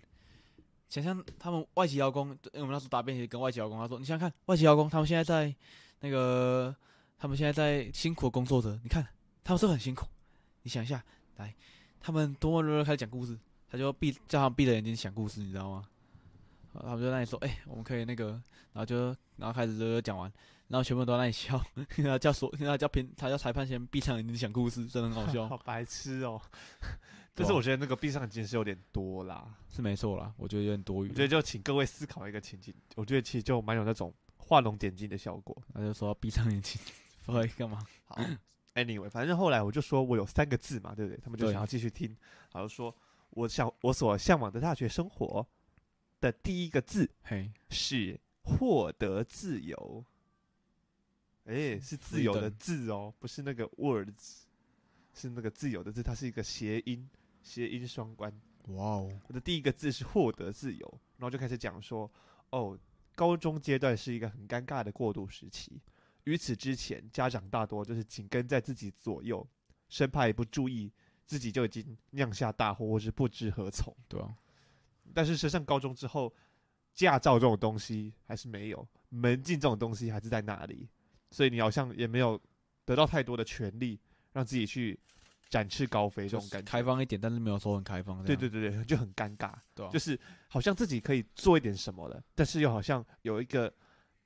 想象他們外籍勞工，因為我們那時候答辯也跟外籍勞工，他說：“你想想看，外籍勞工他們現在在那個，他們現在在辛苦的工作着，你看他們是不是很辛苦？你想一下，來，他們多麼熱熱開始講故事，他就閉，叫他們閉着眼睛講故事，你知道嗎？他們就在那裡說，哎、欸，我們可以那個，然後就然後開始熱熱講完。”然後全部都在那笑，他叫說，他叫平，他叫裁判先閉上眼睛講故事，真的很好笑， 好白痴哦！但是我覺得那個閉上眼睛是有點多啦，是沒錯啦，我覺得有點多餘。我覺得就請各位思考一個情景，我覺得其實就蠻有那種畫龍點睛的效果。他就說閉上眼睛，不會幹嘛，好，anyway， 反正後來我就說我有三個字嘛，對不對？他們就想要繼續聽，然後就說我想我所嚮往的大學生活的第一個字，嘿，是獲得自由。哎、欸，是自由的“自”哦，等不是那個 “words”，是那個自由的“字”。它是一個諧音，諧音雙關。哇哦 Wow！我的第一個字是獲得自由，然後就開始講說：“哦，高中階段是一個很尷尬的過渡時期。於此之前，家長大多就是緊跟在自己左右，生怕一不注意，自己就已經釀下大禍，或是不知何從。”對啊。但是，升上高中之後，駕照這種東西還是沒有，門禁這種東西還是在那裡。所以你好像也沒有得到太多的權利，讓自己去展翅高飛這種感覺，開放一點，但是沒有說很開放，對對對對，就很尷尬，對啊，就是好像自己可以做一點什麼的，但是又好像有一個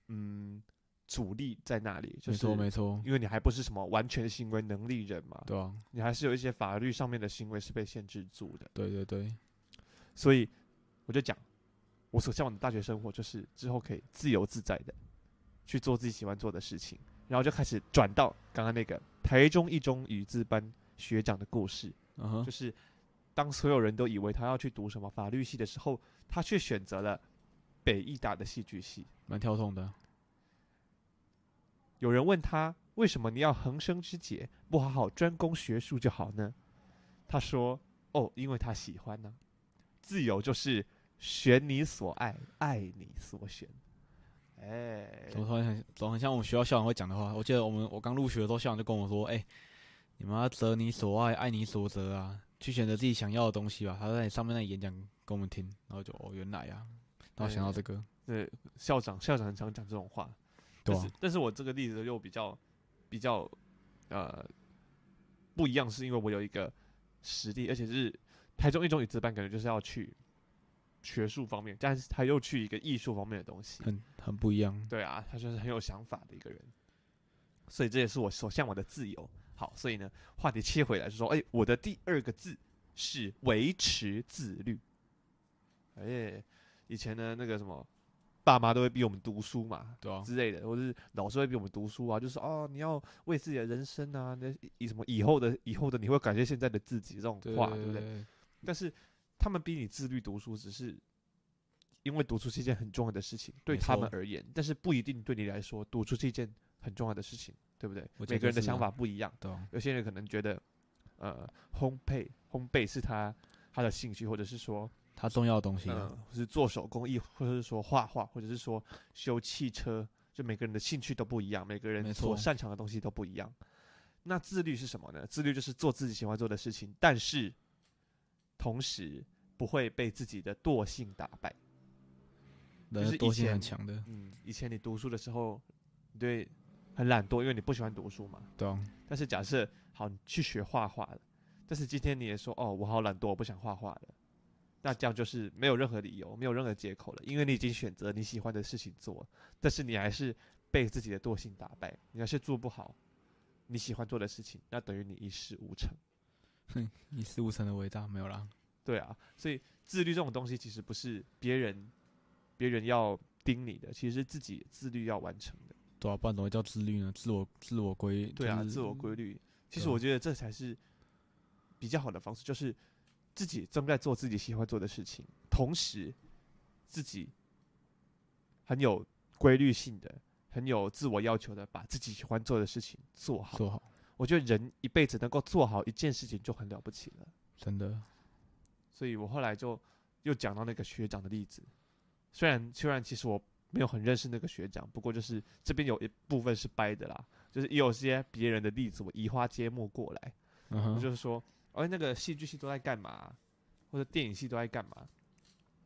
嗯阻力，在那裡，沒錯沒錯，因為你還不是什麼完全行為能力人嘛，對啊，你還是有一些法律上面的行為是被限制住的，對對對，所以我就講我所嚮往的大學生活，就是之後可以自由自在的。去做自己喜歡做的事情，然後就開始轉到剛剛那個台中一中語資班學長的故事，uh huh. 就是當所有人都以為他要去讀什麼法律系的時候，他卻選擇了北藝大的戲劇系，蠻跳動的。有人問他為什麼你要橫生枝節，不好好專攻學術就好呢？他說：“哦，因為他喜歡呢、啊，自由就是選你所愛，愛你所選。”哎，怎麼說很，總是很像我們學校校長會講的話。我記得我們我剛入學的時候，校長就跟我說：“哎、欸，你們要擇你所愛，愛你所擇啊，去選擇自己想要的東西吧。”他在上面那裡演講給我們聽，然後就哦，原來啊，然後想到這個。欸欸欸對，校長校長很常講這種話。對、啊但。但是，我這個例子又比較，比較，呃，不一樣，是因為我有一個實力，而且是台中一中語資班，感覺就是要去。學術方面，但是他又去一個藝術方面的東西，很很不一樣。對啊，他就是很有想法的一個人，所以這也是我所嚮往的自由。好，所以呢，話題切回來就說，哎、欸，我的第二個字是維持自律。哎、欸，以前呢，那個什麼，爸媽都會逼我們讀書嘛，對、啊、之類的，或者是老師會逼我們讀書啊，就說、是、哦，你要為自己的人生啊，那以什麼以後的以後的，你會感謝現在的自己，對對對，這種話，對不對？但是。他們逼你自律讀書，只是因為讀書是一件很重要的事情對他們而言，錯但是不一定對你來說，讀書是一件很重要的事情，對不對？我覺得啊、每個人的想法不一樣，懂有些人可能覺得，呃，烘焙，烘焙是他他的興趣，或者是說他重要的東西，啊呃，是做手工藝，或者是說畫畫，或者是說修汽車，就每個人的興趣都不一樣，每個人所擅長的東西都不一樣。錯那自律是什麼呢？自律就是做自己喜歡做的事情，但是同時。不會被自己的惰性打敗，就是惰性很強的。嗯，以前你讀書的時候，你對，很懶惰，因為你不喜歡讀書嘛。對啊。但是假設好，你去學畫畫了，但是今天你也說，哦，我好懶惰，我不想畫畫了。那這樣就是沒有任何理由，沒有任何借口了，因為你已經選擇你喜歡的事情做，但是你還是被自己的惰性打敗，你還是做不好你喜歡做的事情，那等於你一事無成。哼，一事無成的偉大沒有啦。對啊，所以自律這種東西，其實不是別人別人要盯你的，其實是自己自律要完成的。對啊，不然怎麼會叫自律呢？自我自我規、就是、對啊，自我規律。其實我覺得這才是比較好的方式，啊、就是自己正在做自己喜歡做的事情，同時自己很有規律性的、很有自我要求的，把自己喜歡做的事情做好。做好。我覺得人一輩子能夠做好一件事情就很了不起了。真的。所以我後來就又講到那個學長的例子，雖然雖然其實我沒有很認識那個學長，不過就是這邊有一部分是掰的啦，就是有些別人的例子我移花接木過來，uh huh. 我就是說，哎、哦，那個戲劇系都在幹嘛？或者電影系都在幹嘛？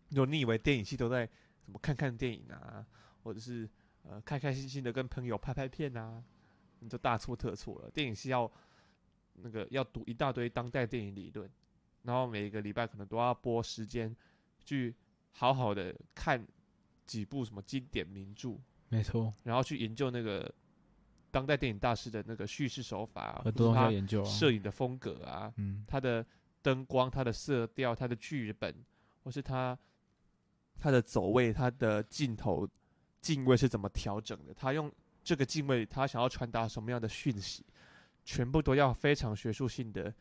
如果你以為電影系都在什麼看看電影啊，或者是呃開開心心的跟朋友拍拍片啊，你就大錯特錯了。電影系要那個要讀一大堆當代電影理論。然後每一個禮拜可能都要撥時間，去好好的看幾部什麼經典名著，沒錯。然後去研究那個當代電影大師的那個敘事手法，很多東西要研究啊。攝影的風格啊，嗯，他的燈光、他的色調、他的劇本，或是他他的走位、他的鏡頭、鏡位是怎麼調整的？他用這個鏡位，他想要傳達什麼樣的訊息？全部都要非常學術性的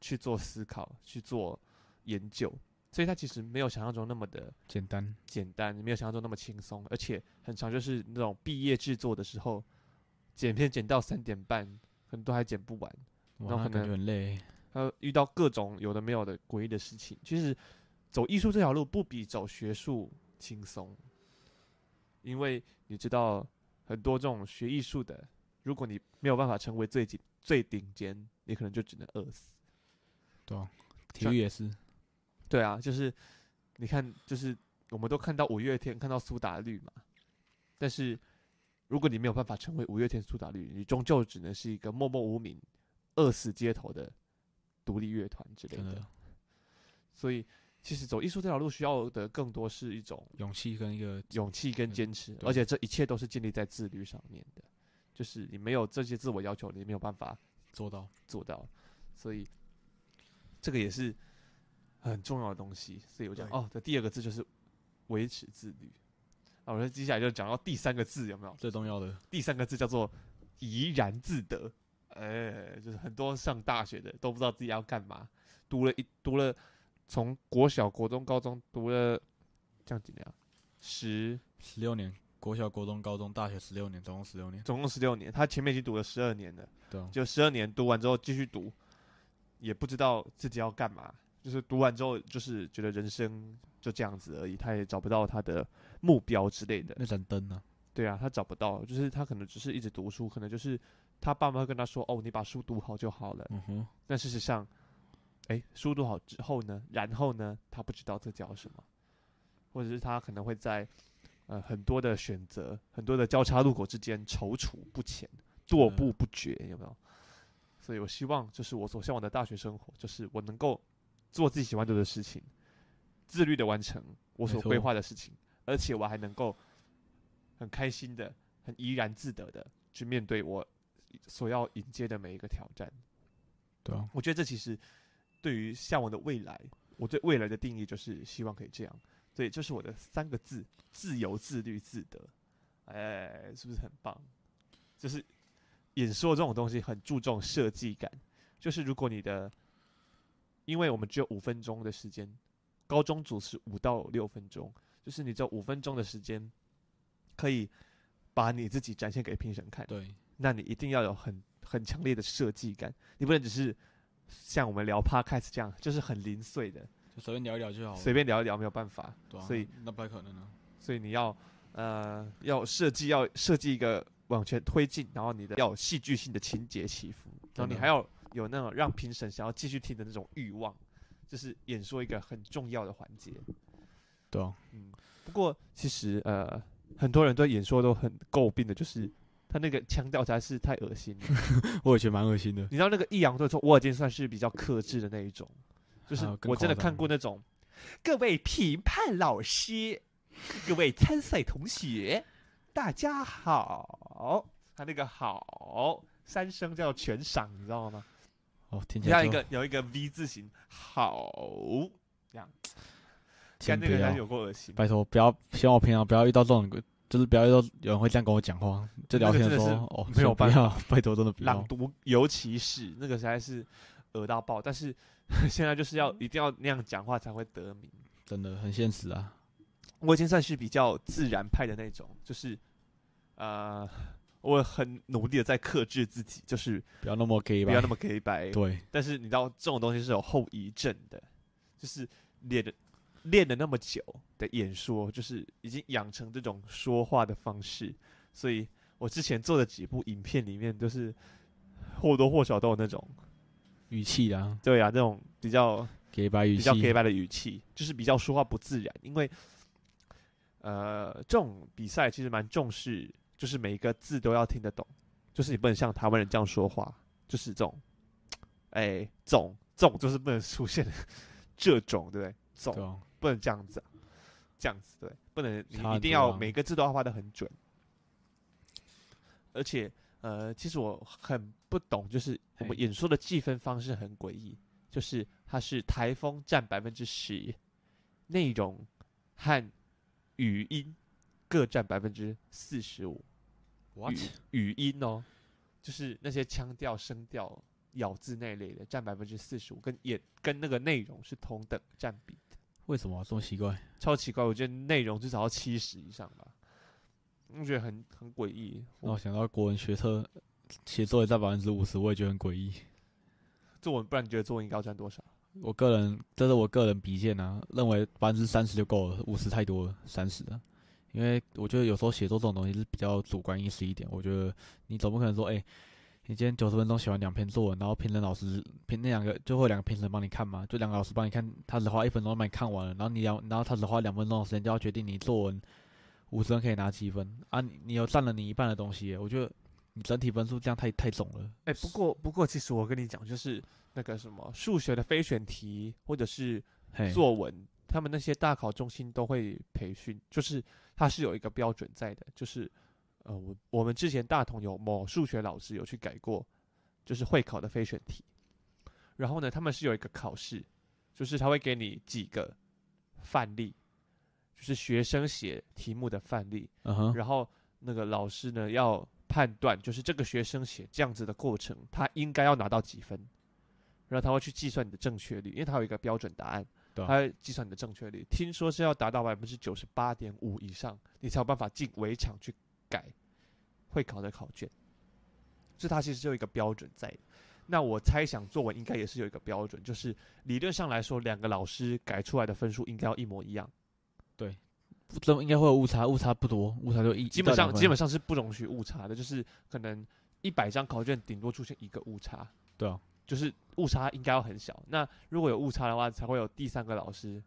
去做思考，去做研究，所以他其實沒有想象中那麼的簡單，簡單，沒有想象中那麼輕鬆，而且很長，就是那種畢業制作的時候，剪片剪到三點半，很多還剪不完，哇然後很累，還有遇到各種有的沒有的詭異的事情。其實走藝術這條路不比走學術輕鬆，因為你知道很多這種學藝術的，如果你沒有辦法成為最最頂尖，你可能就只能餓死。對啊，體育也是。對啊，就是你看，就是我們都看到五月天，看到蘇打綠嘛。但是，如果你沒有辦法成為五月天、蘇打綠，你終究只能是一個默默無名、餓死街頭的獨立樂團之類的。真的。所以，其實走藝術這條路需要的更多是一種勇氣跟一個勇氣跟堅持，嗯，而且這一切都是建立在自律上面的。就是你沒有這些自我要求，你沒有辦法做到做到。所以。這個也是很重要的東西，所以我講對哦，這第二個字就是維持自律啊。我說接下來就講到第三個字，有沒有？最重要的。第三個字叫做怡然自得。哎，就是很多上大學的都不知道自己要幹嘛，讀了一讀了，從國小、國中、高中讀了這樣幾年，十十六年，國小、國中、高中、大學十六年，總共十六年，總共十六年，他前面已經讀了十二年了，就十二年讀完之後繼續讀。也不知道自己要幹嘛，就是讀完之後，就是覺得人生就這樣子而已。他也找不到他的目標之類的。那盞燈呢？對啊，他找不到，就是他可能只是一直讀書，可能就是他爸媽會跟他說：“哦，你把書讀好就好了。嗯哼”但事實上，哎、欸，書讀好之後呢？然後呢？他不知道這叫什麼，或者是他可能會在呃很多的選擇、很多的交叉路口之間躊躇不前、踱步不絕，嗯、有沒有？所以，我希望就是我所嚮往的大學生活，就是我能夠做自己喜歡做的，的事情，自律的完成我所規劃的事情，沒錯。而且我還能夠很開心的、很怡然自得的去面對我所要迎接的每一個挑戰。對啊，我覺得這其實對於嚮往的未來，我對未來的定義就是希望可以這樣。所以，就是我的三個字：自由、自律、自得。哎，是不是很棒？就是。演說這種東西很注重設計感，就是如果你的，因為我們只有五分鐘的時間，高中組是五到六分鐘，就是你這五分鐘的時間，可以把你自己展現給評審看。對，那你一定要有很很強烈的設計感，你不能只是像我們聊 Podcast 這樣，就是很零碎的，就隨便聊一聊就好，隨便聊一聊沒有辦法，對啊、所以那不太可能、啊、所以你要呃要設計要設計一個。往前推進，然後你的要有戲劇性的情節起伏，然後你還要有、嗯、有那種讓評審想要繼續聽的那種欲望，就是演說一個很重要的環節。對、啊，嗯，不過其實呃，很多人對演說都很詬病的，就是他那個腔調才是太惡心。 我也覺得蠻惡心的。你知道那個抑揚頓挫，我已經算是比較克制的那一種，就是我真的看過那種，各位評判老師， 各位參賽同學。大家好，他那個好三聲叫全上，你知道嗎？哦，聽起來像一個有一個 V 字形，好這樣。跟那個還是有夠惡心。拜託，不要，希望我平常不要遇到這種，就是不要遇到有人會這樣跟我講話。就聊天的時候的哦，沒有辦法。拜託，真的不要。朗讀，尤其是那個實在是惡到爆。但是呵呵現在就是要一定要那樣講話才會得名，真的很現實啊。我已經算是比較自然派的那種，就是。呃，uh, 我很努力的在克制自己，就是不要那麼 gay 掰，bike, 不要那麼 gay 掰。Bike, 對，但是你知道，這種東西是有後遺症的，就是練的練了那麼久的演說，就是已經養成這種說話的方式，所以我之前做的幾部影片裡面，就是，都是或多或少都有那種語氣啊，對啊，那種比較比較 gay 掰的語氣，嗯、就是比較說話不自然，因為呃，這種比賽其實蠻重視。就是每一個字都要聽得懂，就是你不能像台灣人這樣說話，就是這種，哎、欸，總總就是不能出現 這種，對不對？總、哦、不能這樣子，這樣子對，不能你差點 一定要每個字都要畫得很準。哦、而且，呃，其實我很不懂，就是我們演說的計分方式很詭異，嘿就是它是台風佔百分之十，內容和語音，各佔百分之四十五，語哇塞 語音哦，就是那些腔調、聲調、咬字那一類的，佔百分之四十五，跟也跟那個內容是同等佔比的。為什麼、啊、這麼奇怪？超奇怪！我覺得內容至少要七十以上吧，我覺得很很詭異。我，那我想到國文學科，寫作也佔百分之五十，我也覺得很詭異。作文，不然你覺得作文應該要佔多少？我個人，這、就是我個人鄙見啊，認為百分之三十就夠了，五十太多了，三十的。了因為我覺得有時候寫作這種東西是比較主觀意識一點。我覺得你總不可能說，哎、欸，你今天九十分鐘寫完兩篇作文，然後評審老師評那兩個，最後兩個評審幫你看嘛？就兩個老師幫你看，他只花一分鐘幫你看完了，然後你兩然後他只花兩分鐘的時間就要決定你作文五十分可以拿幾分啊？你，你有佔了你一半的東西，我覺得你整體分數這樣太太重了。哎、欸，不過不過其實我跟你講，就是那個什麼數學的非選題或者是作文，嘿他們那些大考中心都會培訓，就是。它是有一個標準在的，就是，呃，我我們之前大同有某數學老師有去改過，就是會考的非選題，然後呢，他們是有一個考試，就是他會給你幾個範例，就是學生寫題目的範例，uh huh. 然後那個老師呢要判斷，就是這個學生寫這樣子的過程，他應該要拿到幾分，然後他會去計算你的正確率，因為他有一個標準答案。他計算你的正確率，聽說是要達到百分之九十八點五以上，你才有辦法進闈場去改會考的考卷。所以他其實是有一個標準在。那我猜想作文應該也是有一個標準，就是理論上來說，兩個老師改出來的分數應該要一模一樣。對，不知道應該會有誤差，誤差不多，誤差就一基本上基本上是不容許誤差的，就是可能一百張考卷頂多出現一個誤差。對啊。就是誤差應該要很小，那如果有誤差的話，才會有第三個老師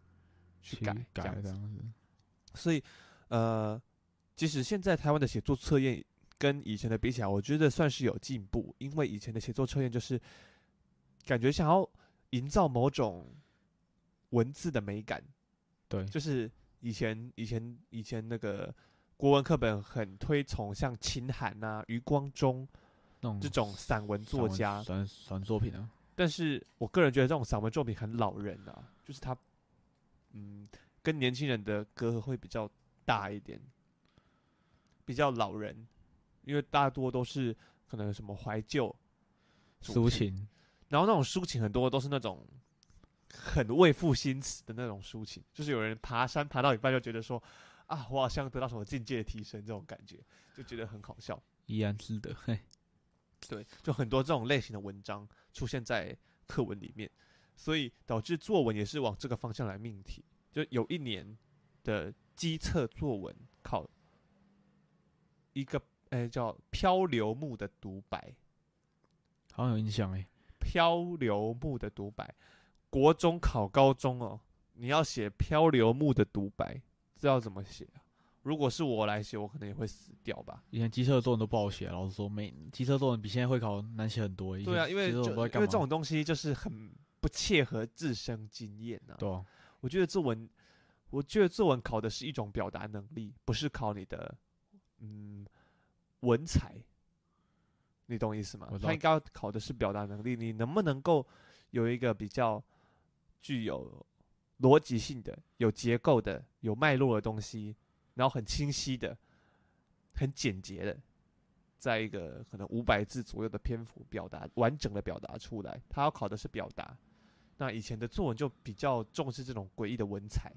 去改這樣子。所以，呃，即使現在台灣的寫作測驗跟以前的比起來，我覺得算是有進步，因為以前的寫作測驗就是感覺想要營造某種文字的美感。對，就是以前以前以前那個國文課本很推崇像秦漢啊、余光中。這種散文作家，散,散,散作品啊，但是我個人覺得這種散文作品很老人啊，就是他，嗯，跟年輕人的隔閡會比較大一點，比較老人，因為大多都是可能什麼懷舊、抒情，然後那種抒情很多都是那種很為賦新詞的那種抒情，就是有人爬山爬到一半就覺得說啊，我好像得到什麼境界提升這種感覺，就覺得很好笑，怡然自得，嘿。對，就很多這種類型的文章出現在課文裡面，所以導致作文也是往這個方向來命題。就有一年的基測作文考一個，哎，叫《漂流木的獨白》，好有印象哎，《漂流木的獨白》。國中考高中哦，你要寫《漂流木的獨白》，知道怎麼寫？如果是我來寫，我可能也會死掉吧。以前機車作文都不好寫，老師說每機車作文比現在會考難寫很多。對啊，因為就因為這種東西就是很不切合自身經驗吶、啊。對、啊，我覺得作文，我覺得作文考的是一種表達能力，不是考你的嗯文采。你懂意思嗎？他應該考的是表達能力，你能不能夠有一個比較具有邏輯性的、有結構的、有脈絡的東西然後很清晰的，很簡潔的，在一個可能五百字左右的篇幅表達完整的表達出來。他要考的是表達。那以前的作文就比較重視這種詭異的文采，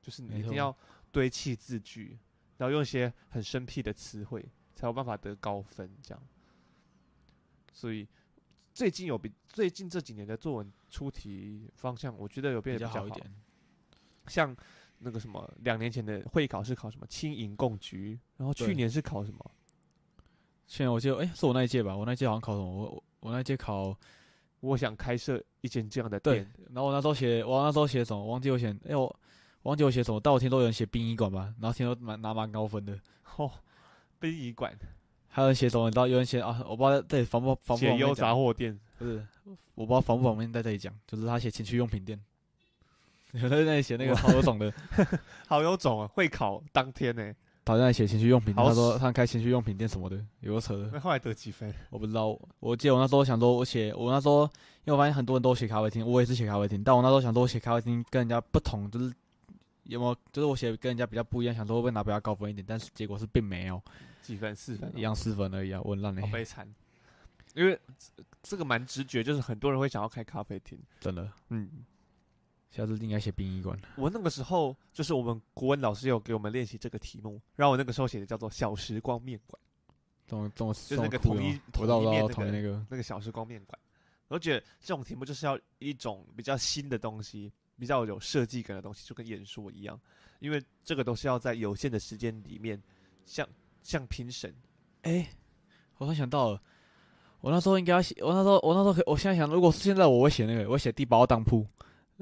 就是你一定要堆砌字句，沒錯。然後用一些很生僻的詞彙，才有辦法得高分。這樣。所以最近有比最近這幾年的作文出題方向，我覺得有變得比較好，比較好一點，像。那個什麼，兩年前的會考是考什麼？青銀共居。然後去年是考什麼？去年對我記得，哎、欸，是我那一屆吧？我那一屆好像考什麼？我我那一屆考，我想開設一間這樣的店對。然後我那時候寫，我那時候寫什麼？忘記我寫，哎、欸、呦忘記我寫什麼？但我聽說有人寫殯儀館吧？然後聽說蠻拿蠻高分的。哦，殯儀館。還有人寫什麼？你知道有人寫啊？我不知道在這裡房不，在方不、方不。解憂雜貨店。房不是，我不知道方不方便在這裡講， 就是他寫情趣用品店。他在那裡寫那個好有種的， 好有種啊！會考當天呢、欸，好像在寫情趣用品。好他說他開情趣用品店什麼的，有個扯。的。後來得幾分？我不知道我。我記得我那時候想說我，我寫我那時候，因為我發現很多人都寫咖啡廳，我也是寫咖啡廳。但我那時候想說，我寫咖啡廳跟人家不同，就是有沒有，就是我寫跟人家比較不一樣，想說會不會拿比較高分一點？但是結果是並沒有，幾分四分，一樣四分而已啊！我很爛、欸、好悲慘，因為這，這個蠻直覺，就是很多人會想要開咖啡廳，真的，嗯。下次應該寫殯儀館。我那個時候就是我們國文老師有給我們練習這個題目，然後我那個時候寫的叫做“小時光麵館”，總總就是那個統一到豆麵那個，個那個小時光麵館。我覺得這種題目就是要一種比較新的東西，比較有設計感的東西，就跟演說一樣，因為這個都是要在有限的時間裡面，像像評審。哎、欸，我突然想到了，我那時候應該要寫，我那時候我那時候可我現在想，如果是現在我會寫那個，我寫第八號當舖。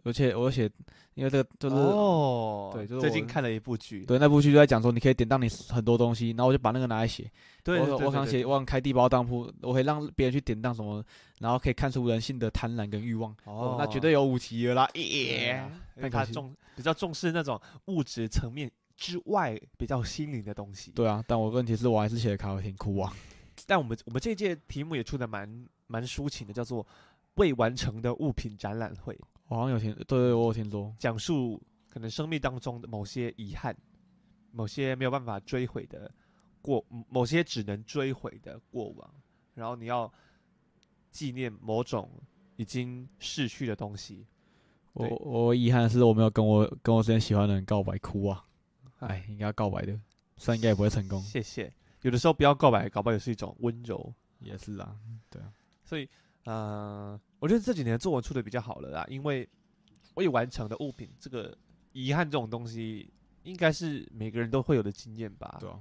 而且我寫，因為這個就是哦，對，就是最近看了一部劇，對，那部劇就在講說你可以典當你很多東西，然後我就把那個拿來寫。對，對，對，對我，我想寫，我想開地包當鋪，我可以讓別人去典當什麼，然後可以看出人性的貪婪跟欲望。哦，那絕對有五器了啦！耶啦，那、欸、他重比較重視那種物質層面之外比較心靈的東西。對啊，但我問題是我還是寫的卡我挺苦啊。但我們我們這一屆題目也出的蠻蠻抒情的，叫做未完成的物品展覽會。我好像有聽，對,對,對，我有聽說講述可能生命當中的某些遺憾，某些沒有辦法追悔的過，某些只能追悔的過往，然後你要紀念某種已經逝去的東西。我我遺憾的是我沒有跟我跟我之前喜歡的人告白，哭啊！哎唉，應該要告白的， 雖然應該也不會成功。謝謝。有的時候不要告白，告白也是一種溫柔，也是啊，對啊。所以，嗯、呃。我覺得這幾年作文出的比較好了啦，因為未完成的物品，這個遺憾這種東西，應該是每個人都會有的經驗吧。對啊。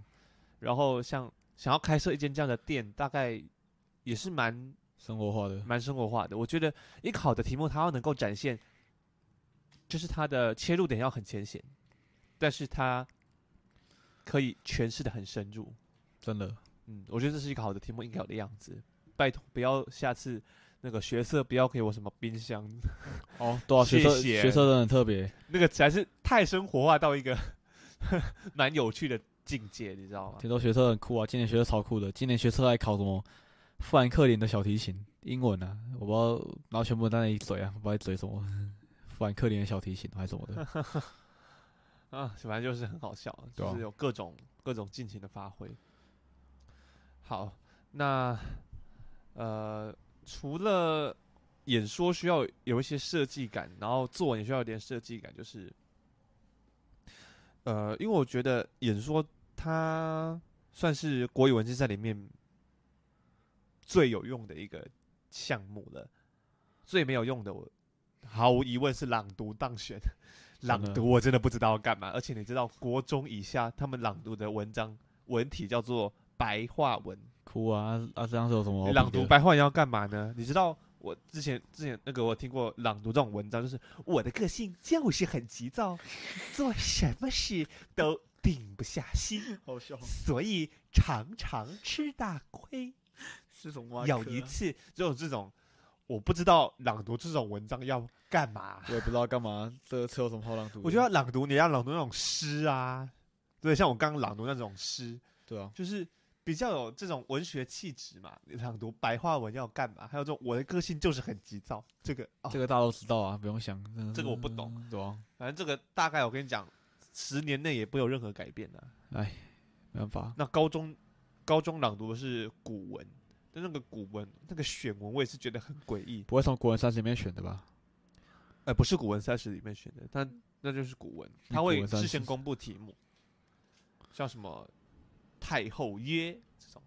然後像想要開設一間這樣的店，大概也是蠻生活化的，蠻生活化的。我覺得一個好的題目，它要能夠展現，就是它的切入點要很淺顯，但是它可以詮釋得很深入。真的，嗯，我覺得這是一個好的題目應該有的樣子。拜托，不要下次。那個學測不要給我什麼冰箱。 哦，對啊，謝謝學測，學測都很特別，那個才是太生活化到一個蠻 有趣的境界，你知道嗎？聽說學測很酷啊，今年學測超酷的，今年學測還考什麼富蘭克林的小提琴英文呢。啊？我不知道，然後全部在那裡嘴啊，我不知道嘴什麼富蘭克林的小提琴還是什麼的， 啊，反正就是很好笑，就是有各種、啊、各種盡情的發揮。好，那呃。除了演說需要有一些設計感，然後作文也需要一點設計感，就是，呃，因為我覺得演說它算是國語文字在裡面最有用的一個項目了，最沒有用的我毫無疑問是朗讀當選，嗯、呵呵朗讀我真的不知道要幹嘛，而且你知道國中以下他們朗讀的文章文體叫做白話文。哭啊！啊，這樣是有什麼好？朗讀白話文要幹嘛呢？你知道我之前之前那個我聽過朗讀這種文章，就是我的個性就是很急躁，做什麼事都定不下心，好 所以常常吃大虧。是什麼、啊？有一次就有這種，我不知道朗讀這種文章要幹嘛，我也不知道幹嘛。這個車有什麼好朗讀？我覺得朗讀你要朗讀那種詩啊，對，像我剛朗讀那種詩，對啊，就是。比較有這種文學氣質嘛？你朗讀白話文要幹嘛？還有這種我的個性就是很急躁，這個、哦、這個大家都知道啊，不用想。嗯、這個我不懂，對吧、嗯。反正這個大概我跟你講，十年內也不會有任何改變的、啊。哎，沒辦法。那高中高中朗讀是古文，但那個古文那個選文我也是覺得很詭異，不會從古文三十裡面選的吧？哎、欸，不是古文三十裡面選的，但那就是古文，他會事先公布題目，叫什麼。太后曰：“這種，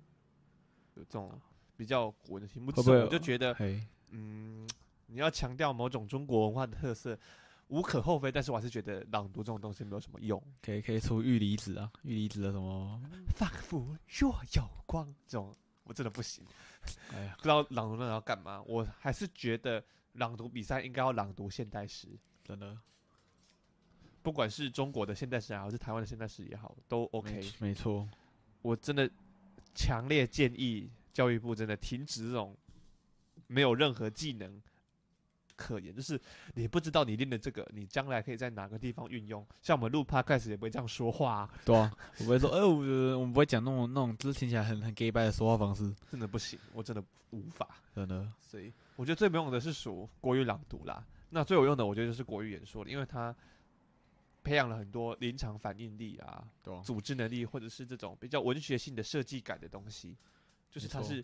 有這種比較古文的題目，會不會，我就覺得，嘿嗯，你要強調某種中國文化的特色，無可厚非。但是，我還是覺得朗讀這種東西沒有什麼用。可以可以出玉離子啊，玉離子的什麼‘仿佛、嗯、若有光’這種，我真的不行。 哎呀呦，不知道朗讀那要幹嘛。我還是覺得朗讀比賽應該要朗讀現代詩，真的。不管是中國的現代詩還是台灣的現代詩也好，都 OK。沒錯。沒”我真的強烈建議教育部真的停止這種沒有任何技能可言，就是你不知道你練的這個，你將來可以在哪個地方運用。像我們錄 podcast 也不會這樣說話、啊，對啊，我不會說，哎、 欸，我我們不會講那種那種，就是聽起來很很 gay bye 的說話方式，真的不行，我真的無法，真的、啊。所以我覺得最沒用的是屬國語朗讀啦，那最有用的我覺得就是國語演說了，因為他。培養了很多臨場反應力啊，啊組織能力，或者是這種比較文學性的設計感的東西，就是它是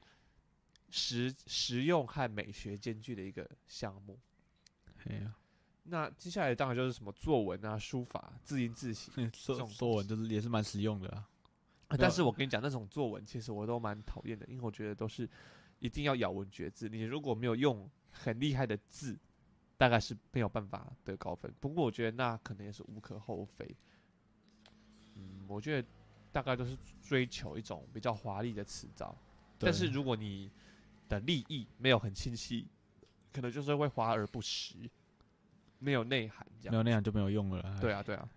實，沒錯。實用和美學兼具的一個項目。哎呀、啊，那接下來當然就是什麼作文啊、書法、字音、字形， 這種作文就是也是蠻實用的、啊。但是我跟你講，那種作文其實我都蠻討厭的，因為我覺得都是一定要咬文嚼字，你如果沒有用很厲害的字。大概是沒有辦法得高分，不過我覺得那可能也是無可厚非。嗯，我覺得大概都是追求一種比較華麗的詞藻，對但是如果你的利益沒有很清晰，可能就是會華而不實，沒有內涵這樣，沒有內涵就沒有用了。對啊，對啊，對啊、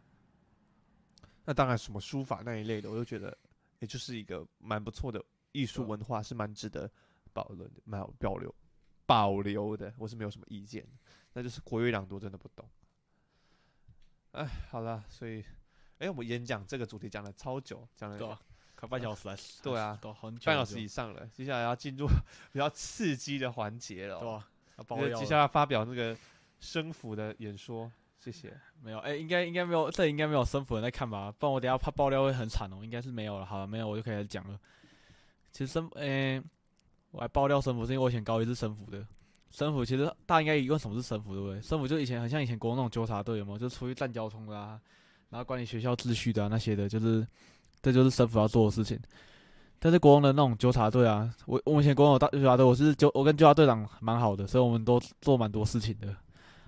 哎。那當然，什麼書法那一類的，我就覺得也、欸、就是一個蠻不錯的藝術文化，是蠻值得保留、蠻有保留、保留的。我是沒有什麼意見。那就是國語朗讀真的不懂，哎，好了，所以，哎、欸，我演講這個主題講了超久，講了，快、啊、半小時了、啊，對啊，很久很久半小時以上了。接下來要進入比較刺激的環節了、哦，對啊，我接下來發表那個生輔的演說，謝謝。沒有，哎、欸，應該應該沒有，這裡應該沒有生輔的在看吧？不然我等下怕爆料會很慘哦。應該是沒有了，好了，沒有，我就可以來講了。其實生，哎、欸，我還爆料生輔是因為我以前高一是生輔的，生輔其實。他應該疑問什麼是生輔，對不對？生輔就以前很像以前國中那種糾察隊，有沒有？就出去站交通的啊，然後管理學校秩序的、啊、那些的，就是這就是生輔要做的事情。但是國中的那種糾察隊啊，我我以前國中有糾察隊，我是糾我跟糾察隊長蠻好的，所以我們都做蠻多事情的。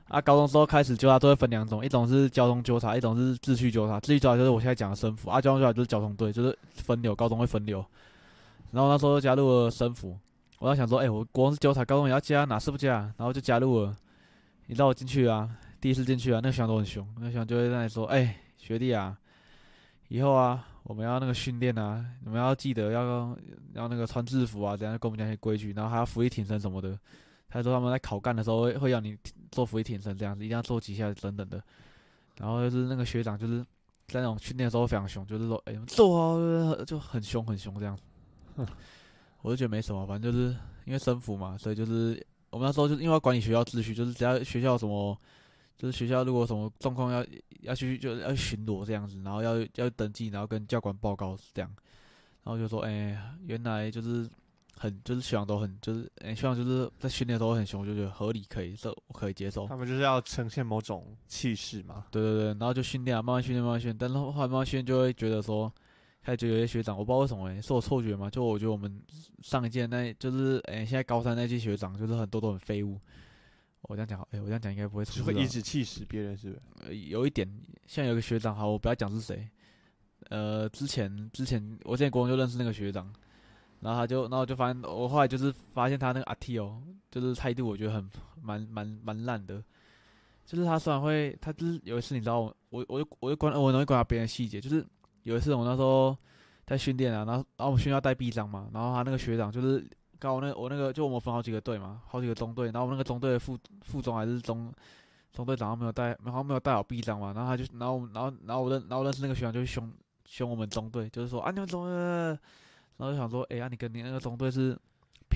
啊，高中時候開始糾察隊會分兩種，一種是交通糾察，一種是秩序糾察。秩序糾察就是我現在講的生輔，啊，交通糾察就是交通隊，就是分流。高中會分流，然後那時候加入了生輔。我要想說，哎、欸，我光是教他高中，也要加，哪是不加？然後就加入了。你讓我進去啊，第一次進去啊，那個學長都很凶，那個學長就會在那裡說，哎、欸，學弟啊，以後啊，我們要那個訓練啊，你們要記得要要那個穿制服啊，這樣跟我們講些規矩，然後還要伏地挺身什麼的。他說他們在考幹的時候會會讓你做伏地挺身，這樣子一定要做幾下等等的。然後就是那個學長，就是在那種訓練的時候非常凶，就是說，哎、欸，做啊，就很凶很凶這樣。哼。我就覺得沒什麼，反正就是因為生輔嘛，所以就是我們那時候就是因為要管理學校秩序，就是只要學校什麼，就是學校如果什麼狀況要要去就要巡邏這樣子，然後要要登記，然後跟教官報告這樣，然後就說，哎、欸，原來就是很就是學長都很就是哎學長就是在訓練的時候很凶，我就覺得合理可以，這我可以接受。他們就是要呈現某種氣勢嘛？對對對，然後就訓練，啊，慢慢訓練，慢慢訓練，但是後來慢慢訓練就會覺得說。還覺得有些學長，我不知道為什麼、欸，哎，是我錯覺嗎？就我覺得我們上一屆那，就是哎、欸，現在高三那屆學長，就是很多都很廢物。我這樣講好，哎、欸，我這樣講應該不會錯。就會一直氣死別人是不、呃？有一點，現在有個學長，好，我不要講是誰。呃，之前之前我在國中就認識那個學長，然後他就，然後就發現我後來就是發現他那個阿 T 哦，就是態度，我覺得很蠻蠻蠻爛的。就是他雖然會，他就是有一次你知道我我我就我就關我容易觀察別人細節，就是。有一次我那時候在訓練啊，然後然後我們訓練要帶臂章嘛，然後他那個學長就是剛好那我那個就我們分好幾個隊嘛，好幾個中隊，然後我們那個中隊的副副中還是中中隊長，然後沒有帶，然後沒有帶好臂章嘛，然後他就然後我然後然後，然後我認然後認識那個學長就是凶凶我們中隊，就是說啊你們中隊，然後就想說哎呀，欸，啊你跟你那個中隊是。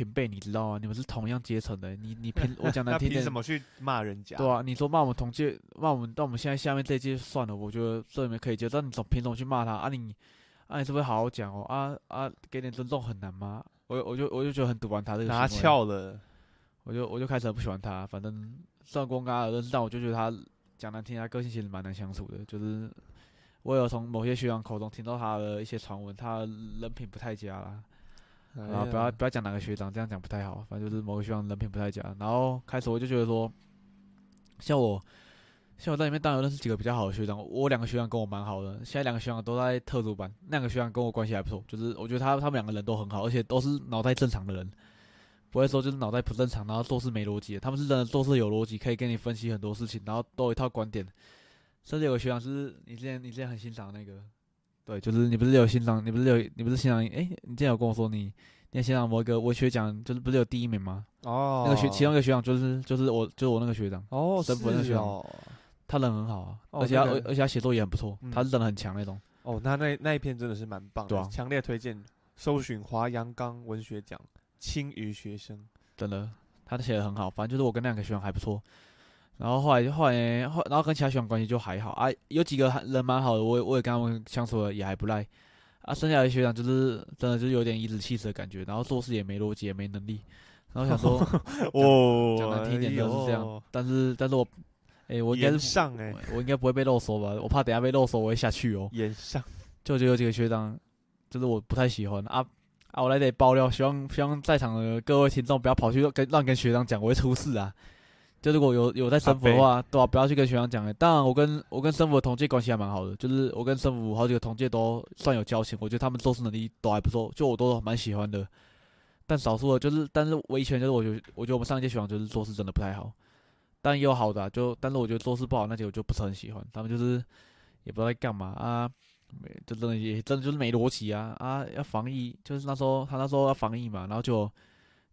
平輩，你知道啊，你們是同樣階層的、欸。你你憑，我講難聽點，怎 麼去罵人家？對啊，你說罵我們同屆，罵我們，那我們現在下面這屆算了。我覺得這裡面可以接受。但你總憑什麼去罵他啊你？你啊，你是不是好好講哦？啊啊，給點尊重很難嗎？我我就我就覺得很賭爛他這個。拿他翹了，我就我就開始很不喜歡他。反正算公開了，但我就覺得他講難聽，他個性其實蠻難相處的。就是我有從某些學員口中聽到他的一些傳聞，他人品不太佳啦。啊，然後不要不要講哪個學長，這樣講不太好。反正就是某個學長人品不太佳。然後開始我就覺得說，像我，像我在裡面當然有認識幾個比較好的學長，我兩個學長跟我蠻好的。現在兩個學長都在特助班，那兩個學長跟我的關係還不錯，就是我覺得他他們兩個人都很好，而且都是腦袋正常的人，不會說就是腦袋不正常，然後做事沒邏輯的。他們是真的做事有邏輯，可以跟你分析很多事情，然後都有一套觀點。甚至有個學長，就是你之前你之前很欣賞的那個。對，就是你不是有欣賞，你不是有，你不是欣賞？哎，你之前有跟我說你，你欣賞某一個文學獎，就是不是有第一名嗎？哦，那個學，其中一個學長就是就是我，就是我那個學長哦，是長，是喲他人很好啊，哦、而且他 okay 而且他寫作也很不錯，嗯、他是人很強那種哦，那那那一篇真的是蠻棒的。強烈、啊、推薦，搜尋華陽岡文學獎青魚學生，真的，他寫得很好，反正就是我跟那兩個學長還不錯。然後後來就後來、欸、後，然後跟其他學長關係就還好啊，有幾個還人蠻好的，我也我也跟他們相處的也還不賴，啊，剩下的學長就是真的就是有點頤指氣使的感覺，然後做事也沒邏輯，也沒能力，然後想說，哦，講難、哦、聽一點就是這樣，呦但是但是我，哎、欸，我應該是上哎、欸，我應該不會被囉唆吧？我怕等一下被囉唆我會下去哦。岩上，就就有幾個學長，就是我不太喜歡啊啊，我來得爆料，希望希望在場的各位聽眾不要跑去跟亂跟學長講，我會出事啊。就如果有有在生輔的話，伯對吧、啊？不要去跟學長講、欸、當然我跟我跟生輔同屆關係還蠻好的，就是我跟生輔好幾個同屆都算有交情。我覺得他們做事能力都還不錯，就我都蠻喜歡的。但少數的，就是但是維權就是我覺得，我覺得我們上一屆學長就是做事真的不太好。但也有好的、啊，就但是我覺得做事不好那屆我就不是很喜歡。他們就是也不知道在幹嘛啊，沒就真的真的就是沒邏輯啊啊！要防疫，就是那時候他那時候要防疫嘛，然後就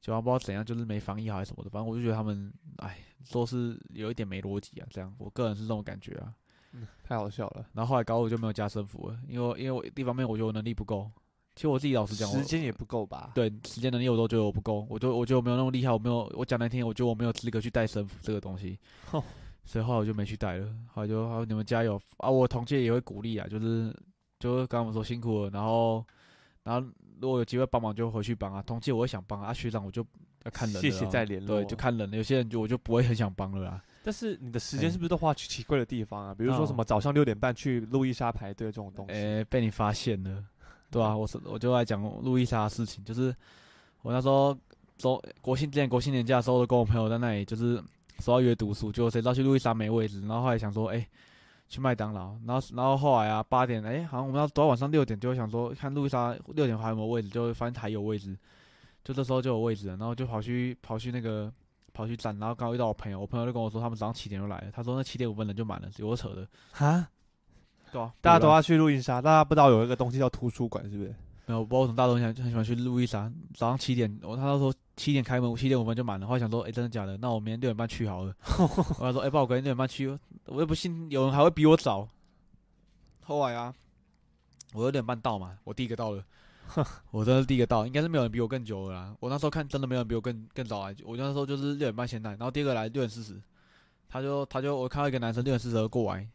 就不知道怎樣，就是沒防疫好還是什麼的。反正我就覺得他們，哎。都是有一點沒邏輯啊，這樣，我個人是這種感覺啊，嗯、太好笑了。然後後來搞我就沒有加生輔了，因為因為我一方面我覺得我能力不夠，其實我自己老實講我，時間也不夠吧。對，時間能力我都覺得我不夠，我就我就沒有那麼厲害，我沒有我講難聽，我覺得我沒有資格去帶生輔這個東西，哼所以後來我就沒去帶了。後來就然後你們加油啊，我同屆也會鼓勵啊，就是就剛剛我們說辛苦了，然後然後。如果有機會幫忙就回去幫啊，同濟我也想幫啊，啊學長我就要看人了，啊，謝謝再聯絡，對，就看人了，有些人就我就不會很想幫了啦。但是你的時間是不是都花去奇怪的地方啊？欸、比如說什麼早上六點半去路易莎排隊這種東西。哎、欸，被你發現了，對啊，我是我就愛講路易莎的事情，就是我那時候周國慶之前國慶年假的時候，都跟我朋友在那裡就是要約讀書，結果誰知道去路易莎沒位置，然後後來想說，哎、欸。去麥當勞，然後然後後來啊，八點哎、欸，好像我們要等到上晚上六點，就會想說看路易莎六點還有沒有位置，就會發現台有位置，就這時候就有位置了，然後就跑去跑去那個跑去站，然後剛遇到我朋友，我朋友就跟我說他們早上七點就來了，他說那七點五分人就滿了，給我扯的哈。蛤對、啊、大家都要去路易莎，大家不知道有一個東西叫圖書館是不是？沒有，包括從大東，想就很喜歡去路易莎。早上七點，我他那時候七點開門，七點五分就滿了。後來想說，哎，真的假的？那我明天六點半去好了。 我還說，哎，爸，我可以六點半去，我也不信有人還會比我早。後來啊，我六點半到嘛，我第一個到了，呵，我真的是第一個到，應該是沒有人比我更久了啦。我那時候看，真的沒有人比我更更早來。我那時候就是六點半先來，然後第二個來六點四十，他就他就我看到一個男生六點四十過來，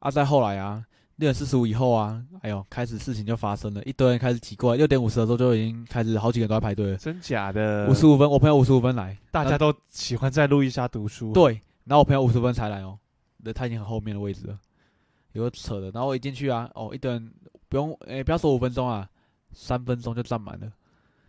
啊，再後來啊。六點四十五以後啊，哎呦，開始事情就發生了，一堆人開始擠過來。六點五十的時候就已經開始，好幾個人都在排隊了。真假的？五十五分，我朋友五十五分來，大家都後喜歡在路易莎讀書。對，然後我朋友五十五分才來哦，那他已經很後面的位置了，有點扯的。然後我一進去啊，哦，一堆人不用，哎、欸，不要說五分鐘啊，分三分鐘就佔滿了，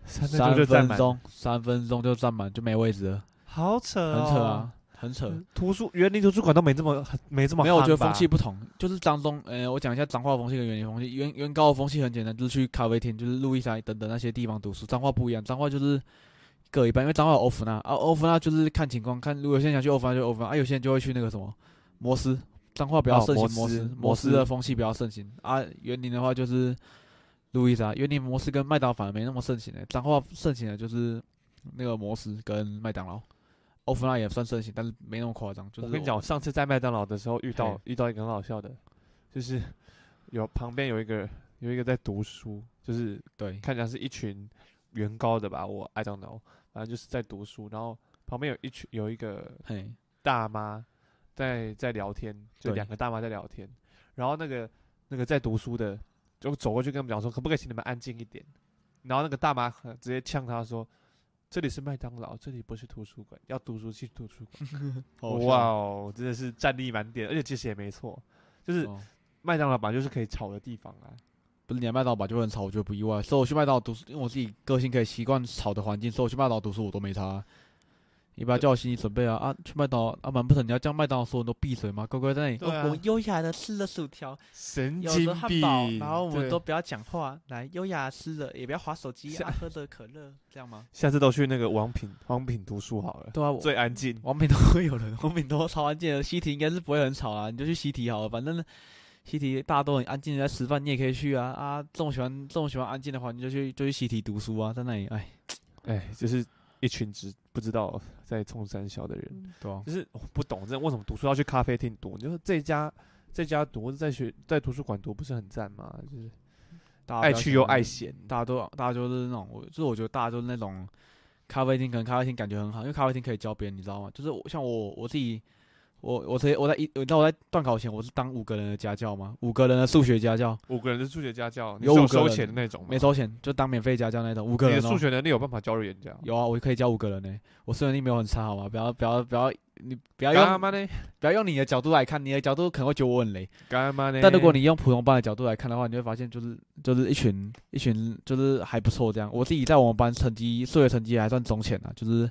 三分鐘就佔滿，三分鐘就佔滿就沒位置了，好扯，哦，很扯啊。很扯，圖書園林圖書館都沒這麼沒這麼沒有，我覺得風氣不同，就是當中，呃、欸，我講一下彰化風氣跟園林風氣。原原高的風氣很簡單，就是去咖啡廳，就是路易莎等等那些地方讀書。彰化不一樣，彰化就是各一半，因為彰化有歐弗納啊，歐弗納就是看情況，看如果現在想去歐弗納就歐弗納，啊，有些人就會去那個什麼摩斯，彰化比較盛行。啊、摩斯摩斯的風氣比較盛行啊，園林的話就是路易莎，園林摩斯跟麥當勞沒那麼盛行的、欸，彰化盛行的就是那個摩斯跟麥當勞。line 也算盛行，但是沒那麼誇張。就是我，我跟你講，我上次在麥當勞的時候遇到嘿 遇到一個很好笑的，就是有旁邊有一個有一個在讀書，就是對，看起來是一群原高的吧，我，I don't know, 反正就是在讀書，然後旁邊有一群有一個大媽在在聊天，就兩個大媽在聊天，對 然後那個那個在讀書的就走過去跟我們講說，可不可以請你們安靜一點？然後那個大媽直接嗆他說。這裡是麥當勞，這裡不是圖書館，要讀書去圖書館。哇哦，真的是戰力滿點，而且其實也沒錯，就是麥當勞吧就是可以吵的地方啊。Oh. 不是連麥當勞吧就，就會很吵，我覺得不意外。所以我去麥當勞讀書，因為我自己個性可以習慣吵的環境，所以我去麥當勞讀書我都沒差。你不要叫我心理準備啊！啊，去麥當勞，啊，難不成，你要叫麥當勞所有人都閉嘴嗎？乖乖在那裡，我優、啊、雅的吃了薯條，神經病，吃了漢堡，然後我們都不要講話，對來優雅的吃了，也不要滑手機下、啊，喝着可樂，這樣嗎？下次都去那個王品，王品讀書好了，對啊，我，最安靜。王品都會有人，王品都超安靜的。西堤應該是不會很吵啊，你就去西堤好了，反正西堤大家都很安靜在吃飯，你也可以去啊。啊，這種喜歡這種喜歡安靜的話，你就去就去西堤讀書啊，在那裡，哎哎，就是。一群只不知道在衝三小的人，嗯對啊、就是不懂這為什麼讀書要去咖啡廳讀？就是這家這家讀，或在學在圖書館讀，不是很讚嗎？就是大家愛去又愛嫌，大家都大家都是那種，我就是我覺得大家都是那種咖啡廳，可能咖啡廳感覺很好，因為咖啡廳可以教別人，你知道嗎？就是我像我我自己。我我我在一那我在段考前我是當五個人的家教嘛，五個人的數學家教，五個人的數學家教，有收錢的那種，沒收錢就當免費家教那種，五個人的數學能力有辦法教人這樣？有啊，我可以教五個人呢、欸，我數學能力沒有很差，好吧，不要不要不要，你不要用幹嘛呢？咳咳不要用你的角度來看，你的角度可能會覺得我很雷。咳咳但如果你用普通班的角度來看的話，你會發現就是就是一群一群就是還不錯這樣。我自己在我們班成績數學成績還算中前啊，就是。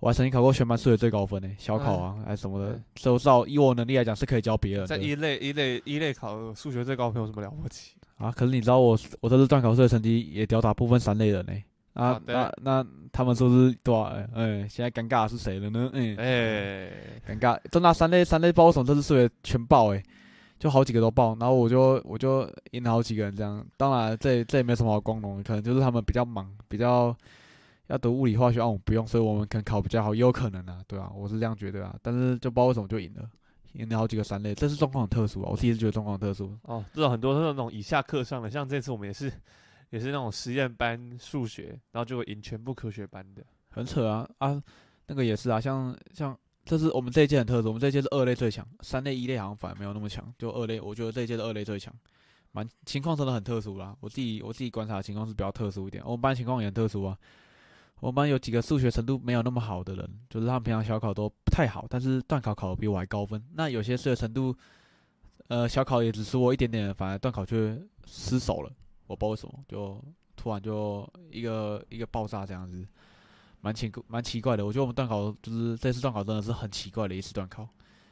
我還曾經考過全班數學最高分呢、欸，小考啊，嗯、還是什麼的，所以、嗯、以，以我能力來講是可以教別人。在一類一類一類考數學最高分有什麼了不起啊？可是你知道我我這次段考數學成績也屌打部分三類人呢、欸。啊，那對那，那他們說是斷，哎、啊欸，現在尷尬是誰了呢？哎、嗯，尷、欸欸欸、尬，就那三類三類爆慫，這次數學全爆哎、欸，就好幾個都爆，然後我就我就贏了好幾個人這樣。當然這這也沒什麼光榮，的可能就是他們比較忙，比較。要讀物理化學、啊，我們不用，所以我們可能考比較好，也有可能啊，對吧、啊？我是這樣覺得啊，但是就不知道為什麼就贏了，贏了好幾個三類，這是狀況很特殊啊，我自己是一直覺得狀況很特殊哦。這種、啊、很多是那種以下課上的，像這次我們也是，也是那種實驗班數學，然後就贏全部科學班的，很扯啊啊，那個也是啊，像像這次我們這一屆很特殊，我們這一屆是二類最強，三類一類好像反而沒有那麼強，就二類，我覺得這一屆的二類最強，蠻情況真的很特殊啦、啊，我自己我自己觀察的情況是比較特殊一點，我們班情況也很特殊啊。我們班有幾個數學程度沒有那麼好的人，就是他們平常小考都不太好，但是段考考的比我還高分。那有些數學程度，呃，小考也只輸我一點點，反而段考卻失手了。我不知道為什麼，就突然就一個一個爆炸這樣子，蠻奇蠻奇怪的。我覺得我們段考就是這次段考真的是很奇怪的一次段考，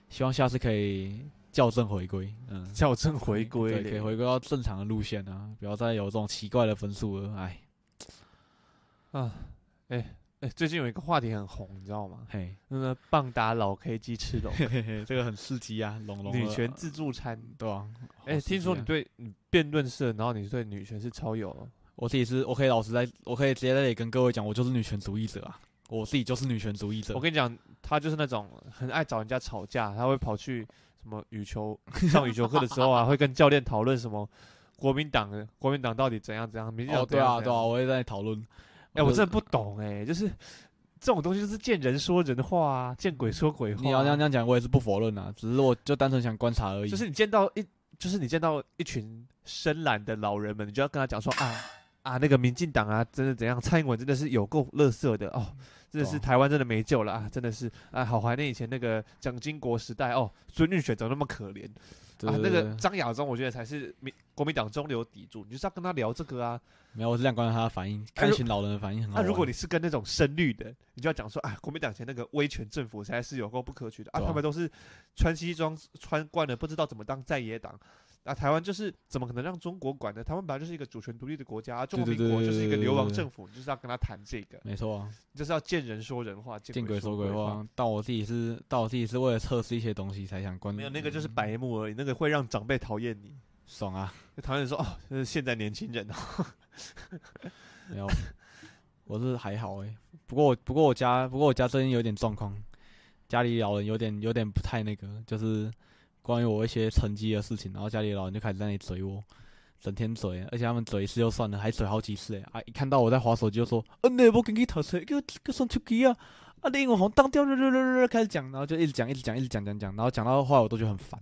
希望下次可以校正回歸，嗯，校正回歸，對，可以回歸到正常的路線啊，不要再有這種奇怪的分數了。哎，啊。哎哎、欸欸，最近有一個話題很紅，你知道嗎？嘿，那個棒打老 K 雞翅龍， 這個很刺激啊！龍龍女權自助餐對吧？啊？哎、欸，啊，聽說你對你辯論社，然後你對女權是超有，我自己是，我可以老實在，我可以直接在這裡跟各位講，我就是女權主義者啊！我自己就是女權主義者。我跟你講，他就是那種很愛找人家吵架，他會跑去什麼羽球上羽球課的時候啊， 會跟教練討論什麼國民黨，國民黨到底怎樣怎樣，哦，怎樣怎樣對啊，對啊，我也在討論。哎，欸、我真的不懂哎、欸，就是這種東西就是見人說人話啊，見鬼說鬼話、啊。你要這樣講，我也是不否認啊，只是我就單純想觀察而已。就是你見到一，就是你見到一群深藍的老人們，你就要跟他講說啊啊，啊那個民進黨啊，真的怎樣？蔡英文真的是有夠樂色的哦。真的是台灣真的沒救了啊！真的是啊，好懷念以前那個蔣經國時代哦。孫運璿怎麼那麼可憐啊？那個張亞中，我覺得才是民國民黨中流砥柱，你就是要跟他聊這個啊。沒有，我是這樣觀察他的反應，看一群老人的反應。那如果你是跟那種深綠的，你就要講說，啊，國民黨前那個威權政府才是有夠不可取的啊！他們都是穿西裝穿慣了，不知道怎麼當在野黨。啊，台灣就是怎麼可能讓中國管呢？台灣本來就是一個主權獨立的國家。啊，中國民國就是一個流亡政府，你就是要跟他談這個，沒錯。啊，就是要見人說人話，見鬼說鬼話。見鬼說鬼話到我自己是到我自己是為了測試一些東西才想關。沒有那個就是白目而已，嗯、那個會讓長輩討厭你。爽啊！討厭說哦，這，就是現在年輕人哦。 沒有，我是還好哎，欸，不過不過我家不過我家最近有點狀況，家裡老人有點有點不太那個，就是。關於我一些成績的事情，然後家裡老人就開始在那裡嘴我，整天嘴，而且他們嘴一次就算了，還嘴好幾次。啊，一看到我在滑手機，就說：“嗯，那不跟你偷車，給給送出去啊！”啊，英文紅當掉了，了了開始講，然後就一直講，一直講，一直講講講，然後講到的話我都覺得很煩。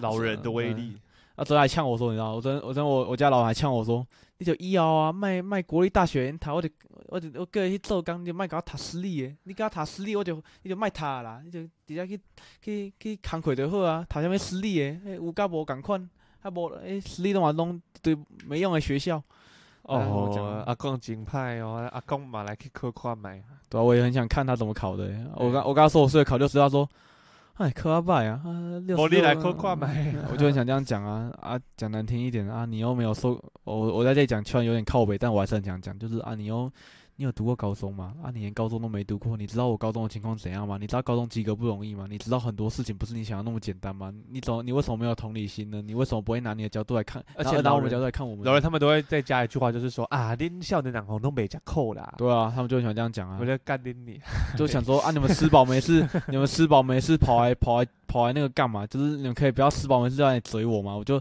老人的威力，啊，昨天還嗆我說，你知道，我昨天我昨天我我家老人還嗆我說。你就以後啊，賣賣國立大學園頭，我就我就我叫伊去做工，你就賣甲我讀私立誒，你甲我讀私立，我就你就賣讀啦，你就直接去去去工課就好啊，讀什麼私立誒。的，欸、有甲無共款，啊無誒私立都嘛攏對沒用誒學校。呃、哦，就阿公真歹哦，阿公嘛來去考看覓？對啊，我也很想看他怎麼考的。我剛我剛說我是要考六十，他說。哎，扣掛拜啊！火、啊、力來扣掛麥，我就很想這樣講啊啊，講難聽一點啊，你又沒有說我，我在這裡講，雖然有點靠北，但我還是很想講，就是啊，你又。你有讀過高中嗎？啊，你連高中都沒讀過，你知道我高中的情況怎樣嗎？你知道高中及格不容易嗎？你知道很多事情不是你想要的那麼簡單嗎？你怎你為什麼沒有同理心呢？你為什麼不會拿你的角度來看？而且拿我們角度來看，我們然後人他們都會再加一句話，就是說啊，您笑年兩紅都沒加扣啦。對啊，他們就喜歡這樣講啊。我就幹掉你， 就想說啊，你們吃飽沒事， 你們吃飽沒事跑來跑來跑來那個幹嘛？就是你們可以不要吃飽沒事在那裡嘴我嗎？我就。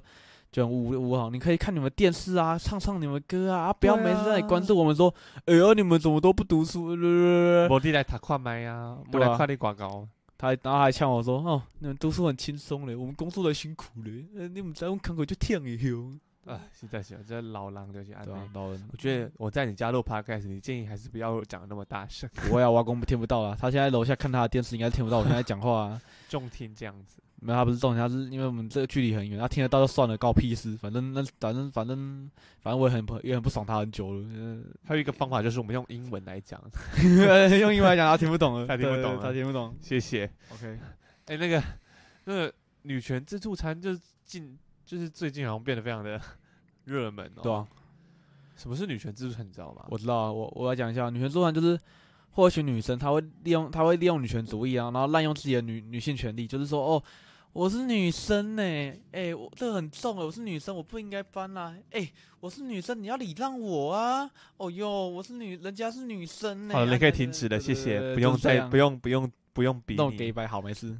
就五五號，你可以看你們電視啊，唱唱你們歌啊，啊不要每次在那裡關注我們說，啊、哎呦，你們怎麼都不讀書？我、呃、地、呃、來打跨麥啊，對啊，我來跨你廣告。他然後他還嗆我說，哦，你們讀書很輕鬆嘞，我們工作都辛苦嘞，你們在用坑口就聽一下。啊，實在、啊、是這老狼這些啊，老人。我覺得我在你家錄 podcast 你建議還是不要講那麼大聲、啊，我要挖工聽不到了。他現在樓下看他的電視，應該聽不到我現在講話啊。 重聽這樣子。沒有，他不是重點，他是因為我們這個距離很遠，他聽得到就算了，搞屁事！反正那反正反正反正我也很也很不爽他很久了。還有一個方法就是我們用英文來講， 用英文來講他聽不懂他聽不懂，他聽不懂。謝謝。OK，哎、欸，那個，呃、那個，女權自助餐就是近，就是最近好像變得非常的熱門哦。對啊。什麼是女權自助餐你知道嗎？我知道，我我要講一下，女權自助餐就是或許女生她會利用她會利用女權主義啊，然後濫用自己的女女性權利，就是說哦。我是女生呢、欸，誒、欸，我這個很重，哎、欸，我是女生，我不應該搬啦，誒、欸，我是女生，你要禮讓我啊，哦喲，我是女，人家是女生呢、欸，好、哦，啊、你可以停止了，謝謝，對對對，不用再，不用，不用，不用比，弄給一百好，沒事，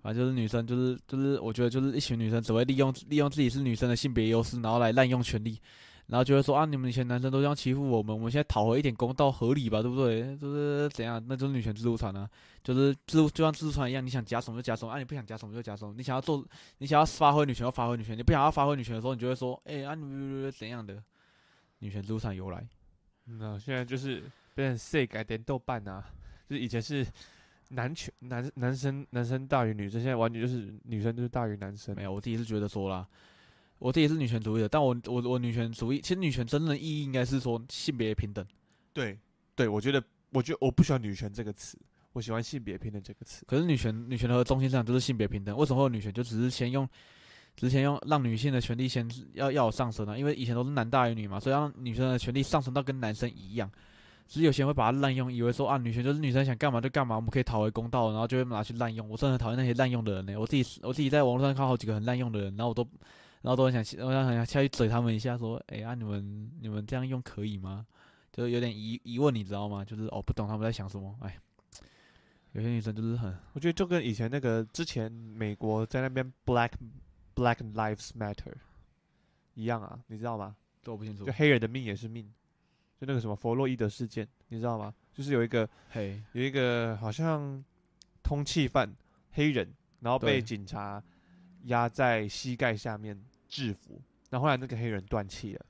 反正就是女生，就是就是，我覺得就是一群女生只會利用利用自己是女生的性別優勢，然後來濫用權力。然後就會說啊，你們以前男生都這樣欺負我們，我們現在討回一點公道、合理吧，對不對？就是怎樣，那就是女權自助餐呢、啊？就是自就像自助餐一樣，你想加什麼就加什麼，啊，你不想加什麼就加什麼。你想要做，你想要發揮女權就發揮女權，你不想要發揮女權的時候，你就會說，哎、欸、啊你、呃，怎樣的？女權自助餐由來？那現在就是變成 改點豆瓣啊？就是以前是男權，男男生男生大於女生，現在完全就是女生就是大於男生。沒有，我第一次覺得說啦我自己是女權主義的，但我我我女權主義，其實女權真正的意義應該是說性別平等。對對，我覺得，我覺得我不喜歡女權這個詞，我喜歡性別平等這個詞。可是女權，女權的中心思想就是性別平等。為什麼會有女權？就只是先用，只是先用讓女性的權利先要要上升呢？因為以前都是男大於女嘛，所以讓女生的權利上升到跟男生一樣。只是有些人會把它濫用，以為說啊，女權就是女生想幹嘛就幹嘛，我們可以討回公道，然後就會拿去濫用。我真的討厭那些濫用的人呢、欸，我自己我自己在網絡上看好幾個很濫用的人，然後我都。然後都很想，我想很想下去懟他們一下，說：“哎呀，啊、你們你們這樣用可以嗎？”就是有點疑疑問，你知道嗎？就是我、哦、不懂他們在想什麼。哎，有些女生就是很……我覺得就跟以前那個之前美國在那邊 “Black Black Lives Matter” 一樣啊，你知道嗎？這我不清楚。就黑人的命也是命。就那個什麼弗洛伊德事件，你知道嗎？就是有一個嘿，Hey. 有一個好像通緝犯黑人，然後被警察壓在膝蓋下面。制服，然後，後來那個黑人斷氣了，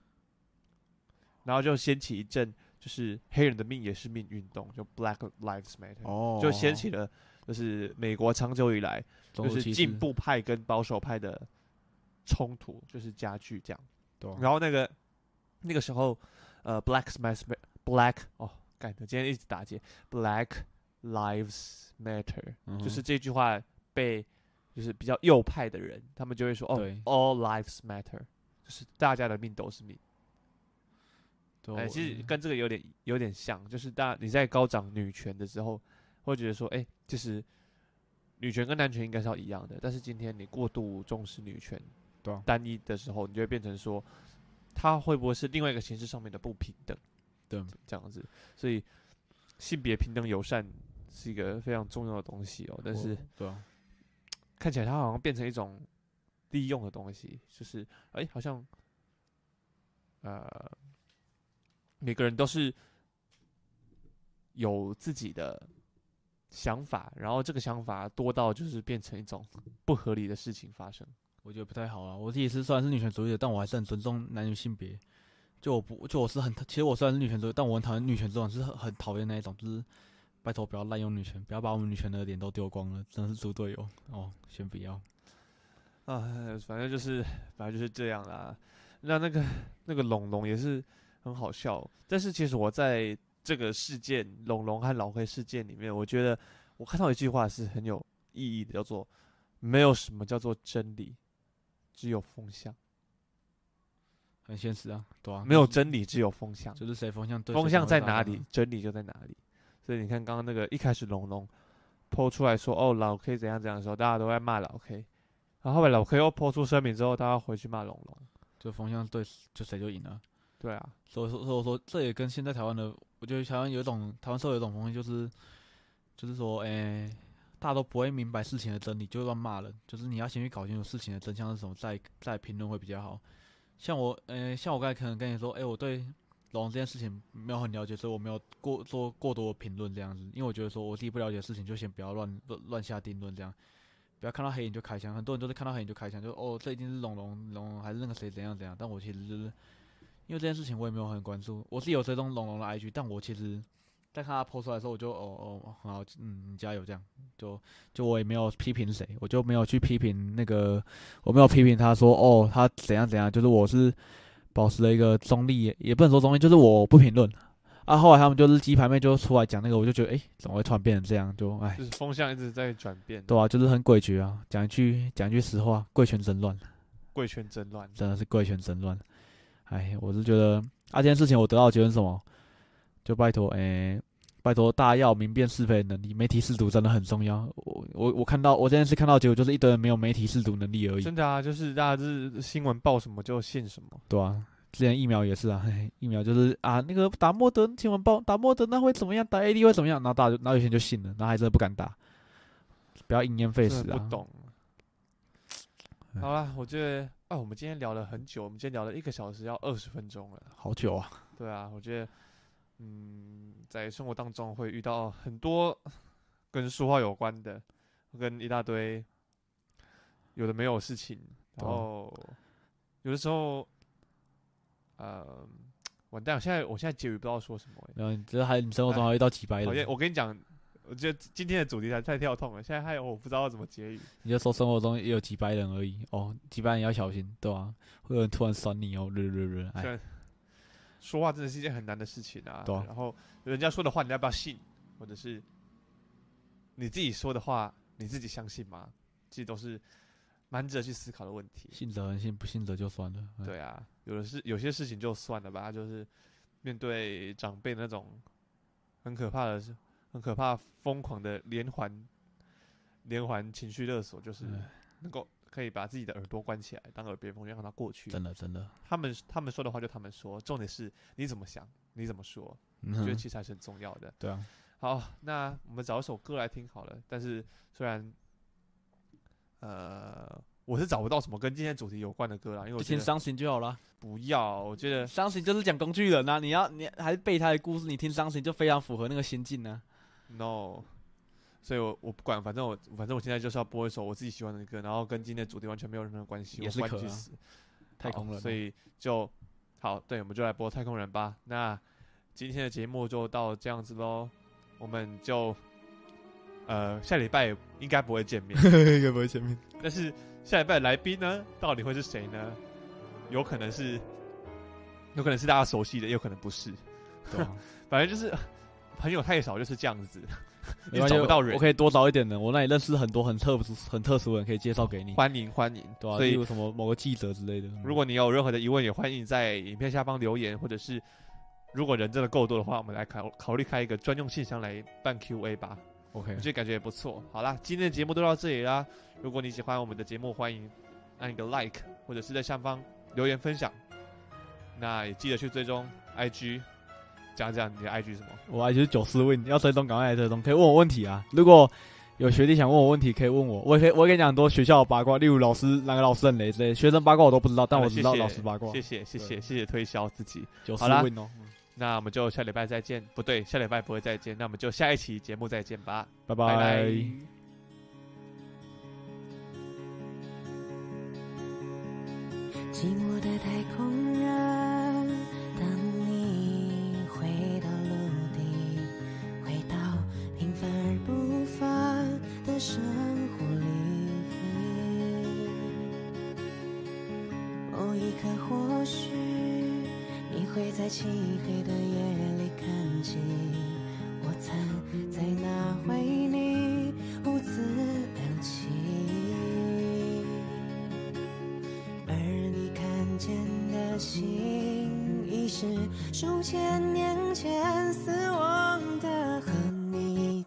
然後就掀起一陣，就是黑人的命也是命運動，就 Black Lives Matter，、哦、就掀起了就是美國長久以來就是進步派跟保守派的衝突，就是加劇這樣。哦、然後那個那個時候，呃，Black Lives Black 哦，改的，今天一直打結 Black Lives Matter，、嗯、哼就是這句話被。就是比較右派的人，他們就會說：“哦對、oh,，All lives matter，就是大家的命都是命。對”哎、欸，其實跟這個有點有點像，就是大你在高漲女權的時候，會覺得說：“哎、欸，就是女權跟男權應該是要一樣的。”但是今天你過度重視女權對單一的時候，啊、你就會變成說：“它會不會是另外一個形式上面的不平等？”對，這樣子，所以性別平等友善是一個非常重要的東西哦。但是，對、啊。看起來它好像變成一種利用的東西，就是哎、欸，好像呃，每個人都是有自己的想法，然後這個想法多到就是變成一種不合理的事情發生，我覺得不太好了、啊。我自己是雖然是女權主義的，但我還是很尊重男女性別。就我不就我是很其實我雖然是女權主義，但我很討厭女權這種，是很很討厭那一種就是。拜託不要濫用女權，不要把我們女權的臉都丟光了，真的是豬隊友哦！先不要，啊，反正就是，反正就是這樣啦。那那個那個龍龍也是很好笑，喔，但是其實我在這個事件龍龍和老黑事件裡面，我覺得我看到一句話是很有意義的，叫做“沒有什麼叫做真理，只有風向”，很現實啊，對啊，沒有真理，只有風向。就是誰、就是、風向對，風向在哪裡？真理就在哪裡。所以你看，剛剛那個一開始龍龍 po 出來說“哦，老 K 怎樣怎樣”的時候，大家都在罵老 K。然後後來老 K 又 po 出聲明之後，大家要回去罵龍龍，就風向對，就誰就贏了。對啊，所以說所以我說，這也跟現在台灣的，我覺得台灣有一種台灣社會有一種風氣，就是就是說，誒、欸、大家都不會明白事情的真理，就亂罵人。就是你要先去搞清楚事情的真相是什麼，再再評論會比較好。像我，誒、欸、像我剛才可能跟你說，誒、欸、我對。龍龍這件事情沒有很了解，所以我沒有過做過多評論這樣子，因為我覺得說我自己不了解事情就先不要亂亂亂下定論這樣，不要看到黑影就開槍。很多人都是看到黑影就開槍，就哦，這一定是龍龍龍還是那個誰怎樣怎樣。但我其實、就是、因為這件事情我也沒有很關注，我是有追蹤龍龍的 IG，但我其實在看他 Po 出來的時候，我就哦哦，很好，嗯，加油這樣，就就我也沒有批評誰，我就沒有去批評那個，我沒有批評他說哦他怎樣怎樣，就是我是。保持了一個中立也，也不能說中立，就是我不評論啊。後來他們就是雞排妹就出來講那個，我就覺得哎、欸，怎麼會突然變成這樣？就哎，就是風向一直在轉變，對啊，就是很詭譎啊。講一句，講一句實話，貴圈真亂，貴圈真亂，真的是貴圈真亂。哎，我是覺得啊，這件事情我得到結論是什麼？就拜託，哎、欸。拜託，大家要明辨是非能力，媒體識讀真的很重要。我、我、我看到，我今天是看到結果，就是一堆人沒有媒體識讀能力而已。真的啊，就是大家是新聞報什麼就信什麼。對啊，之前疫苗也是啊，疫苗就是啊，那個打莫德，新聞報打莫德那會怎麼樣，打 A D 會怎麼樣，然後打然後有些人就信了，然後還真的不敢打，不要因噎廢食啊。不懂。唉好了，我覺得啊，我們今天聊了很久，我們今天聊了一個小時，要二十分鐘了。好久啊。對啊，我覺得，嗯。在生活當中會遇到很多跟說話有關的，跟一大堆有的沒有的事情，然後有的時候、啊、呃完蛋，現在我現在結語不知道說什麼、欸。嗯，你這還你生活中還會遇到幾百人？我,我跟你講，我覺得今天的主題還太跳痛了，現在還有我不知道怎麼結語。你就說生活中也有幾百人而已哦，幾百人要小心，對吧、啊？會有人突然酸你哦，略略略。哎。說話真的是一件很難的事情啊。對啊。然後，人家說的話你要不要信，或者是你自己說的話你自己相信嗎？這都是蠻值得去思考的問題。信則信，不信則就算了。對啊，有的事有些事情就算了吧。就是面對長輩那種很可怕的、很可怕瘋狂的連環連環情緒勒索，就是能夠。可以把自己的耳朵關起來，當耳邊風，讓讓它過去。真的，真的。他們他們說的話就他們說，重點是你怎麼想，你怎麼說，嗯哼。我覺得其實還是很重要的。對啊。好，那我們找一首歌來聽好了。但是雖然，呃，我是找不到什麼跟今天主題有關的歌了，因為我聽傷心就好了。不要，我覺得傷心就是講工具人啊！你要你還是備胎的故事，你聽傷心就非常符合那個心境呢。No。所以我我不管，反正我反正我現在就是要播一首我自己喜歡的歌，然後跟今天的主題完全沒有任何關係，是可啊、我完全去死太空人了，所以就好對，我們就來播太空人吧。那今天的節目就到這樣子嘍，我們就呃下禮拜應該不會見面，應該 不會見面。但是下禮拜的來賓呢，到底會是誰呢？有可能是有可能是大家熟悉的，也有可能不是， 反正就是朋友太少，就是這樣子。你找不到人，我可以多找一點人。我那裡認識很多很特殊、很特殊的人，可以介紹給你。歡迎歡迎，歡迎對啊，所以例如什麼某個記者之類的。如果你有任何的疑問，也歡迎在影片下方留言，或者是如果人真的夠多的話，我們來考考慮開一個專用信箱來辦 Q&A 吧。OK，這感覺也不錯。好啦，今天的節目就到這裡啦。如果你喜歡我們的節目，歡迎按一個 Like，或者是在下方留言分享。那也記得去追蹤 IG。講講你的 IG 是什麼？我 IG 是九四問，要追蹤，趕快來追蹤，可以問我問題啊！如果有學弟想問我問題，可以問我，我也可以，我給你講很多學校的八卦，例如老師哪個老師很、嗯、雷之類。學生八卦我都不知道，但我只知道老師八卦。謝謝對謝謝謝謝。推銷自己九四問哦，那我們就下禮拜再見。不對，下禮拜不會再見，那我們就下一期節目再見吧，bye bye 拜拜。寂寞的太空人反而不凡的生活裡，某一刻或許你會在漆黑的夜裡看見我曾在那為你兀自亮起。而你看見的心，已是數千年前死亡的。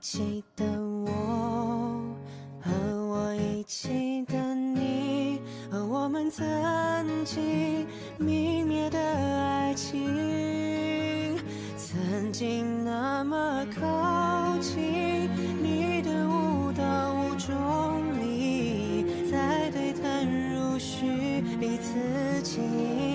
記得我和我一起的你，和我們曾經泯滅的愛情，曾經那麼靠近。你的舞蹈無重力，在對談如許，彼此吸引。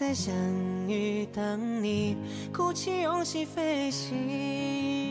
再相遇，等你鼓起勇氣飛行。